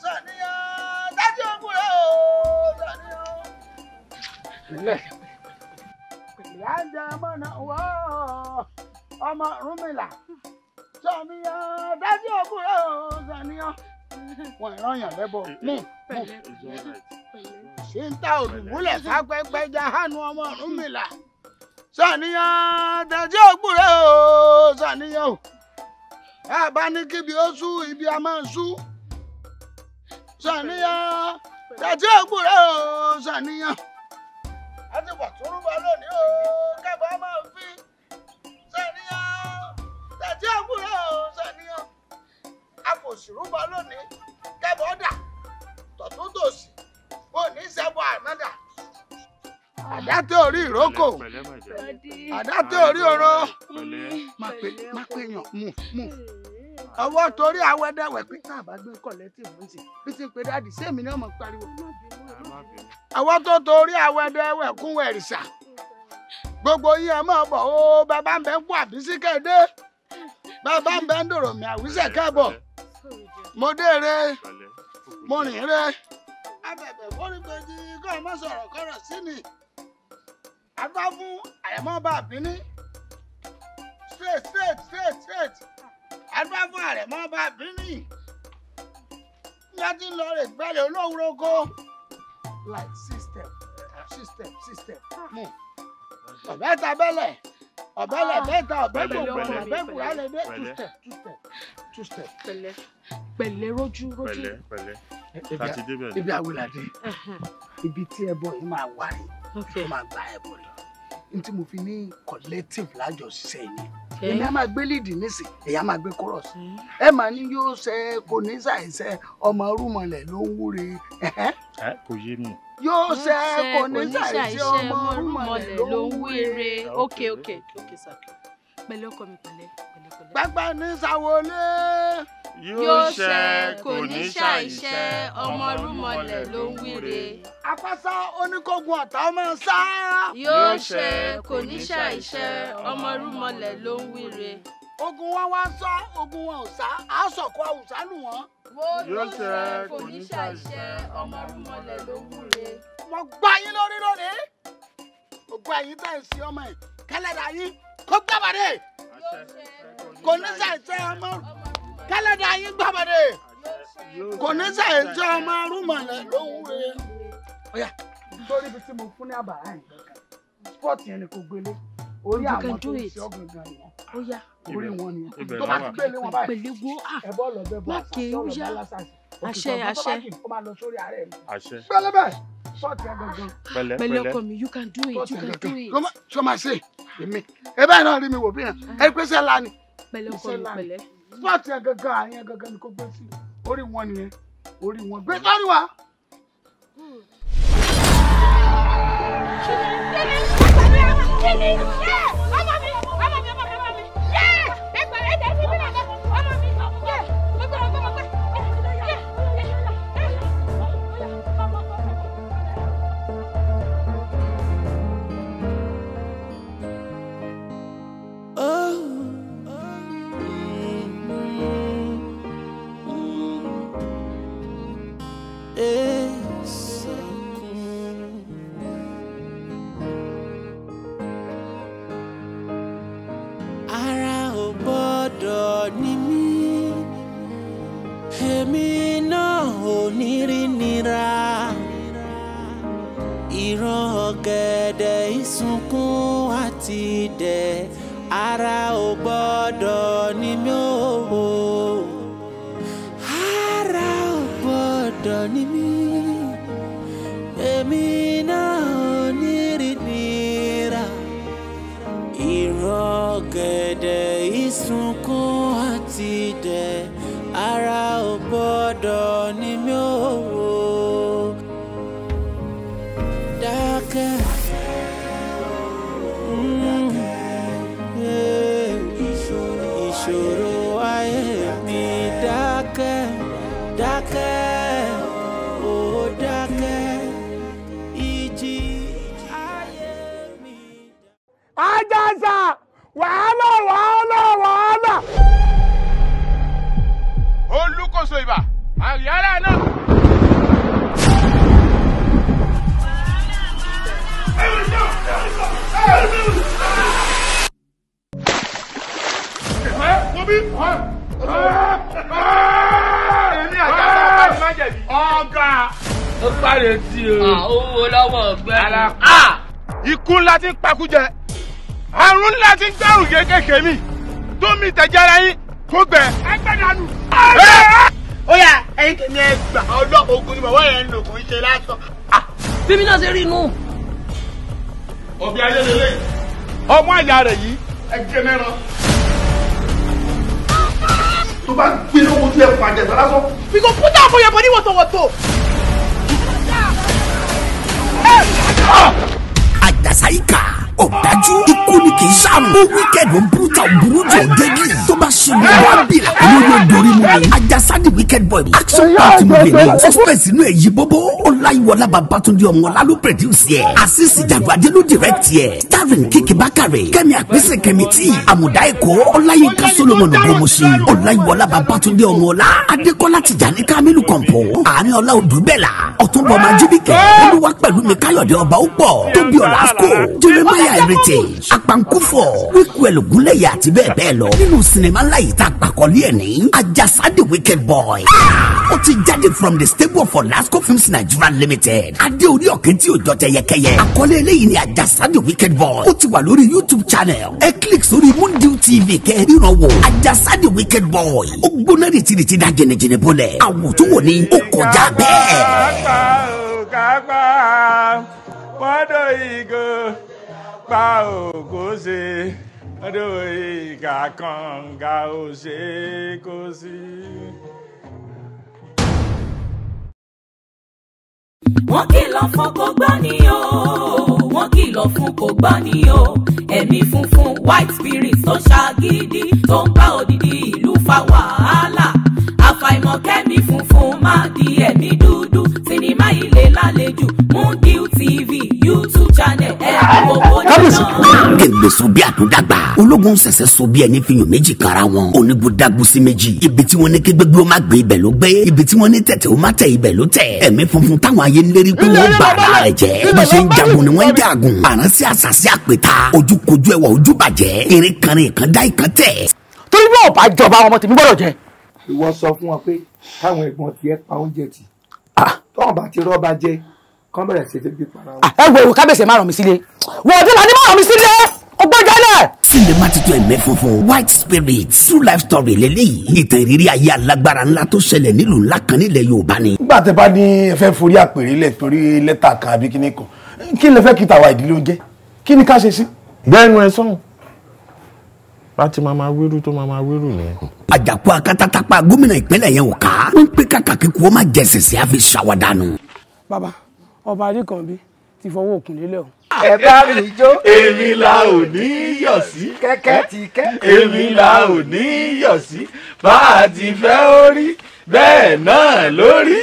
sàníyàn dájú ogun o sàníyàn. ìyá ń jẹ ọmọ náà wọ́ ọmọ ọmọmìlà sàníyàn dájú òkúrò sàníyàn wọn ìrànyàn lẹ́bọ̀ mú mú ṣe ń ta òdùmúlẹ̀ fápẹ́pẹ́ jahanu ọmọ Ọ̀rúnmìlà sàníyàn dájú òkúrò sàníyàn o àbá ní kíbi ó sú ibi a máa sú sàníyàn dájú òkúrò sàníyàn a ti wà túrúbọ lónìí o kẹfà máa ń fi. àti àbúrò ṣàníyàn àfòsírúbọ lónìí kẹbọdà tọ̀túntòsì kò ní sẹ́bọ̀ àmọ́dà. àdá tó orí ìrókò àdá tó orí oró má pè yàn mú mú ọwọ́ torí awẹ́dẹ́wẹ̀ pé tá a bá gbé bí ti pè dáàdì sẹ́mi náà ọmọ pariwo. ọwọ́ tó torí awẹ́dẹ́wẹ̀ kún gbogbo yín ẹ máa bọ̀ ó bàbá ń bẹ́ ń kó bàbá ń bẹ ń dòrò mi àwísẹ̀ káàbọ̀ mo dé re mo rìn re abẹ̀bẹ̀ foríkejì kọ́ ọmọ sọ̀rọ̀ kọ́rọ̀ sí ni adá fún àyẹ̀mọ́ bá bíní straight straight straight straight adá fún àyẹ̀mọ́ bá bíní láti lọ rè gbẹ́lẹ̀ olóhùn oko like system system system mu hmm. ọ̀bẹ ta bẹ́lẹ̀ ọbẹ̀ lẹ̀ mẹ́ta ọbẹ̀ gbogbo ọbẹ̀ gbogbo alẹ́ dé two step two step two step. pẹ̀lẹ́ pẹ̀lẹ́ rojú rojú. pẹ̀lẹ́ pẹ̀lẹ́ láti e, e, e, débẹ̀ ni. ibi àwòlàdé ibi tí ẹbọ yìí máa wà rí tó máa gba ẹbọ lọ n tí mo fi ní collective lájọṣiṣẹ́ yìí èmi á máa gbé líìdì nísìn ẹ̀yà máa gbé chorus ẹ máa ní yóò ṣe kò ní ṣàìṣe ọmọ rúmọlẹ̀ ló ń wúre. kò yé mi. yóò ṣe kò ní ṣàìṣe ọmọ rúmọlẹ̀ ló ń wúre. ok ok ok sir pẹ̀lẹ́ ọkọ mi pẹ̀lẹ́ pẹ̀lẹ́. pẹpẹ ní sàwọlé. yóò ṣe kò ní ṣàìṣe ọmọ rúmọlẹ ló ń wíre. apáṣá oníkógun ọ̀tá máa sá. yóò ṣe kò ní ṣàìṣe ọmọ rúmọlẹ ló ń wíre. ogun wọn wá sọ ogun wọn ò sá a sọkọ àwùsá lù wọn. yóò ṣe kò ní ṣàìṣe ọmọ rúmọlẹ ló ń wíre. mo gbá yín lórí lónìí mo gbá yín bẹ́ẹ̀ sí ọmọ yìí kẹlẹ́dà yín kó gbàbàdé kò ní sàìsẹ́ ọmọ kẹlẹ́dà yín gbàbàdé kò ní sàìsẹ́ ọmọ rúmọ̀lẹ́ lóhùn rẹ̀. ọ̀yà nítorí ibi tí mo fún ní àbàrá yẹn spọ́ọ̀tì yẹn ni kò gbélé orí àwọn tó ṣe ọ̀gbìn yẹn oya orí wọn ni tó bá ti gbélé wọn báyìí pẹ̀lú wo a má kéwúyà àṣẹ àṣẹ àṣẹ pẹlẹbẹ ṣọ́ọ̀tì ẹ pẹ̀lẹ́ pẹ̀lẹ́ pẹ̀lẹ́ mi you can do it you can do it. sọ ma ṣe èmi ẹ báyìí náà rí mi wò bí yẹn ẹ pé sẹ́ la ni. pẹ̀lẹ́ ọkọ mi pẹ̀lẹ́. ṣọ́ọ̀tì ẹ gangan àyẹn gangan ni kò gbé sí orí wọn nìyẹn orí wọn rí nù. ọbẹ̀ ayé lélẹ̀. ọmọ àyà rẹ̀ yìí. ẹ jẹ mẹ́ràn. tó bá gbé lówó tó yẹ pàjẹ́ sọ lásán. we go put am for your body wọ̀tọ̀wọ̀tọ̀. Ah! àjàsá ìkà ọ̀dájú ikú ni kì í ṣàrùn ó wíkẹ́ẹ̀dì ó burú ta òburú jọ gẹ́gì tó bá ṣe mọ́ ló dorí mu ni ajásádì wicked boy mi action party mu lè ní suspense inú èyí bóbó ọláyíwọlá babatunde ọmọlá ló produce yẹ àṣìṣì jàgbájé ló direct yẹ starring kìkì bákàrẹ̀ kẹ́mi àpèsè kẹ́mi tí àmùdá èkó ọláyínká solomoni bomosi ọláyíwọlá babatunde ọmọlá adékọ́lá tìjàní kamilu kọ̀ǹpọ̀ àárín ọlá odùbẹ̀là ọ̀túnbọ̀ májíbíkẹ́ olúwa pẹ̀lú mi káyọ̀dé ọba ó pọ̀ tóbi ọ̀làkó jeremiah heritage pankúfọ̀ wíkúẹ̀l ògúnlẹ̀yẹ àti bẹ́ẹ̀ bẹ́ẹ̀ lọ nínú sinimá láyé tá a gbàkọ́lé ẹ̀ ní ajásá the wicked boy ó ti jáde from the stable for lasco films nigeria limited adé orí ọ̀kẹ́ tí òjọ tẹ yẹkẹyẹ àkọlé eléyìí ni ajásá the wicked boy ó ti wà lórí youtube channel ẹ click sórí mundial tv kẹ́ ríran wò ajásá the wicked boy ó gbóná rìtìrìtì dá jẹnẹjẹnẹ bọ́lẹ̀ àwòtó wò ni ó kọjá bẹ́ẹ̀. wọ́n dọ̀ yìí ọ̀pá òkò ṣe ọdún ìkà kànga wọ́n kìlọ̀ fún kò gbọ́ ni o wọ́n kìlọ̀ fún kò gbọ́ ni o ẹ̀mí funfun white spirit tó ṣàgídí tó ń bá odidi ìlú fa wàhálà àfàìmọ̀ kẹ́mi funfun má di ẹ̀mí dúdú sinimá ilé lálejò Moondew TV YouTube channel ẹ̀ àwòkọ́ náà. gbègbè so bí ológun sẹ̀sẹ̀ so ẹni fi yàn méjì kanra wọn onígbódàgbò méjì ibi tí wọ́n ní kí gbégbé ó má gbé ibẹ̀ ló gbé ibi tí wọ́n ní tẹ̀tẹ̀ ó má tẹ̀ ibẹ̀ ló tẹ̀ ẹ̀mí funfun táwọn ayé lérí pé wọ́n bá ara rẹ̀ jẹ́ bá ṣe ń jagun ni wọ́n ń jagun àránsí àṣàṣì àpèta ojúkojú ẹwà ojú bàjẹ́ eré kanrin ìkandá ìkantẹ̀. torí náà bá jọba ọmọ tèmi gbọ́dọ̀ jẹ ìwọ sọ fún wọn pé káwọn ẹ̀gbọ́n tiẹ̀ pa oúnjẹ tì ah. tọ́wọ́n ti rọ́ọ̀bà jẹ kán bẹ̀rẹ̀ sí ràn mí sílé wọ́ọ̀dún làdí má ràn mí sílé ọgbọ́njọ́ náà. titun ẹ̀mẹ́ funfun white spirit true life story lélẹ́yìí ìtàn ìrírí ayé alágbára ńlá tó ṣẹlẹ̀ nílùú ńlá kan nílẹ̀ yorùbá ni. nígbà tẹ bá ní ẹ fẹ́ forí àpèrè lẹ̀ torí lẹ́tà kan àbí kíní kan kí lẹ fẹ́ kí tàwa ìdílé oúnjẹ kí ni ká ṣe sí. gbẹ́nu ẹ sọ́hùn láti máa máa wérú tó máa máa wérú nìyẹn. àjàkú akatatapa gómìnà ìpínlẹ̀ yẹn ò ká wọ́n pé kàkàkí kú ó má jẹ sẹ̀sẹ̀ àfi ṣàwádànù. bàbá ọba adékànbí ti fọwọ́ òkun lélẹ̀ o. ẹ bá mi jó. èmi la ò ní yọ̀ sí. kẹ́kẹ́ ti kẹ́. èmi la ò ní yọ̀ sí. bá a ti fẹ́ orí bẹ́ẹ̀ náà lórí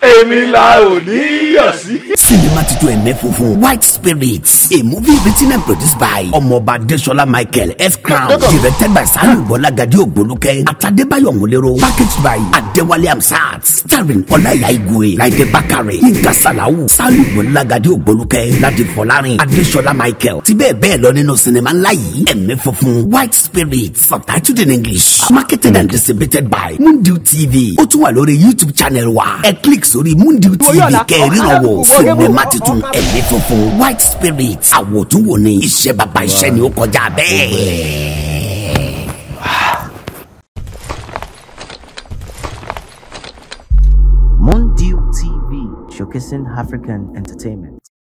èmi la ò ní yọ̀ sí. sinima titun ẹ̀mẹ́ funfun white spirits a movie written and produced by ọmọọba desola michael s crown directed by sani ah. bọlágadé ògbólúkẹ àtàdébáyọ̀ múlẹ́rọ packaged by Adewale amsat starring ọláyà igwe Bakare, bákàrẹ̀ yínká sàláwù sani bọlágadé ògbólúkẹ láti fọlárin adesola michael ti bẹ́ẹ̀ bẹ́ẹ̀ lọ nínú sinima ńlá yìí ẹ̀mẹ́ funfun white spirits subtitled in english marketed and distributed by moondew tv ó tún wà lórí youtube channel wa ẹ click sórí múndi tv kẹrìnà wọ sinimá titun ẹ̀mí funfun white spirit àwòtúnwò ni iṣẹ́ baba iṣẹ́ ni ó kọjá bẹ́ẹ̀. Mondial TV, showcasing African entertainment.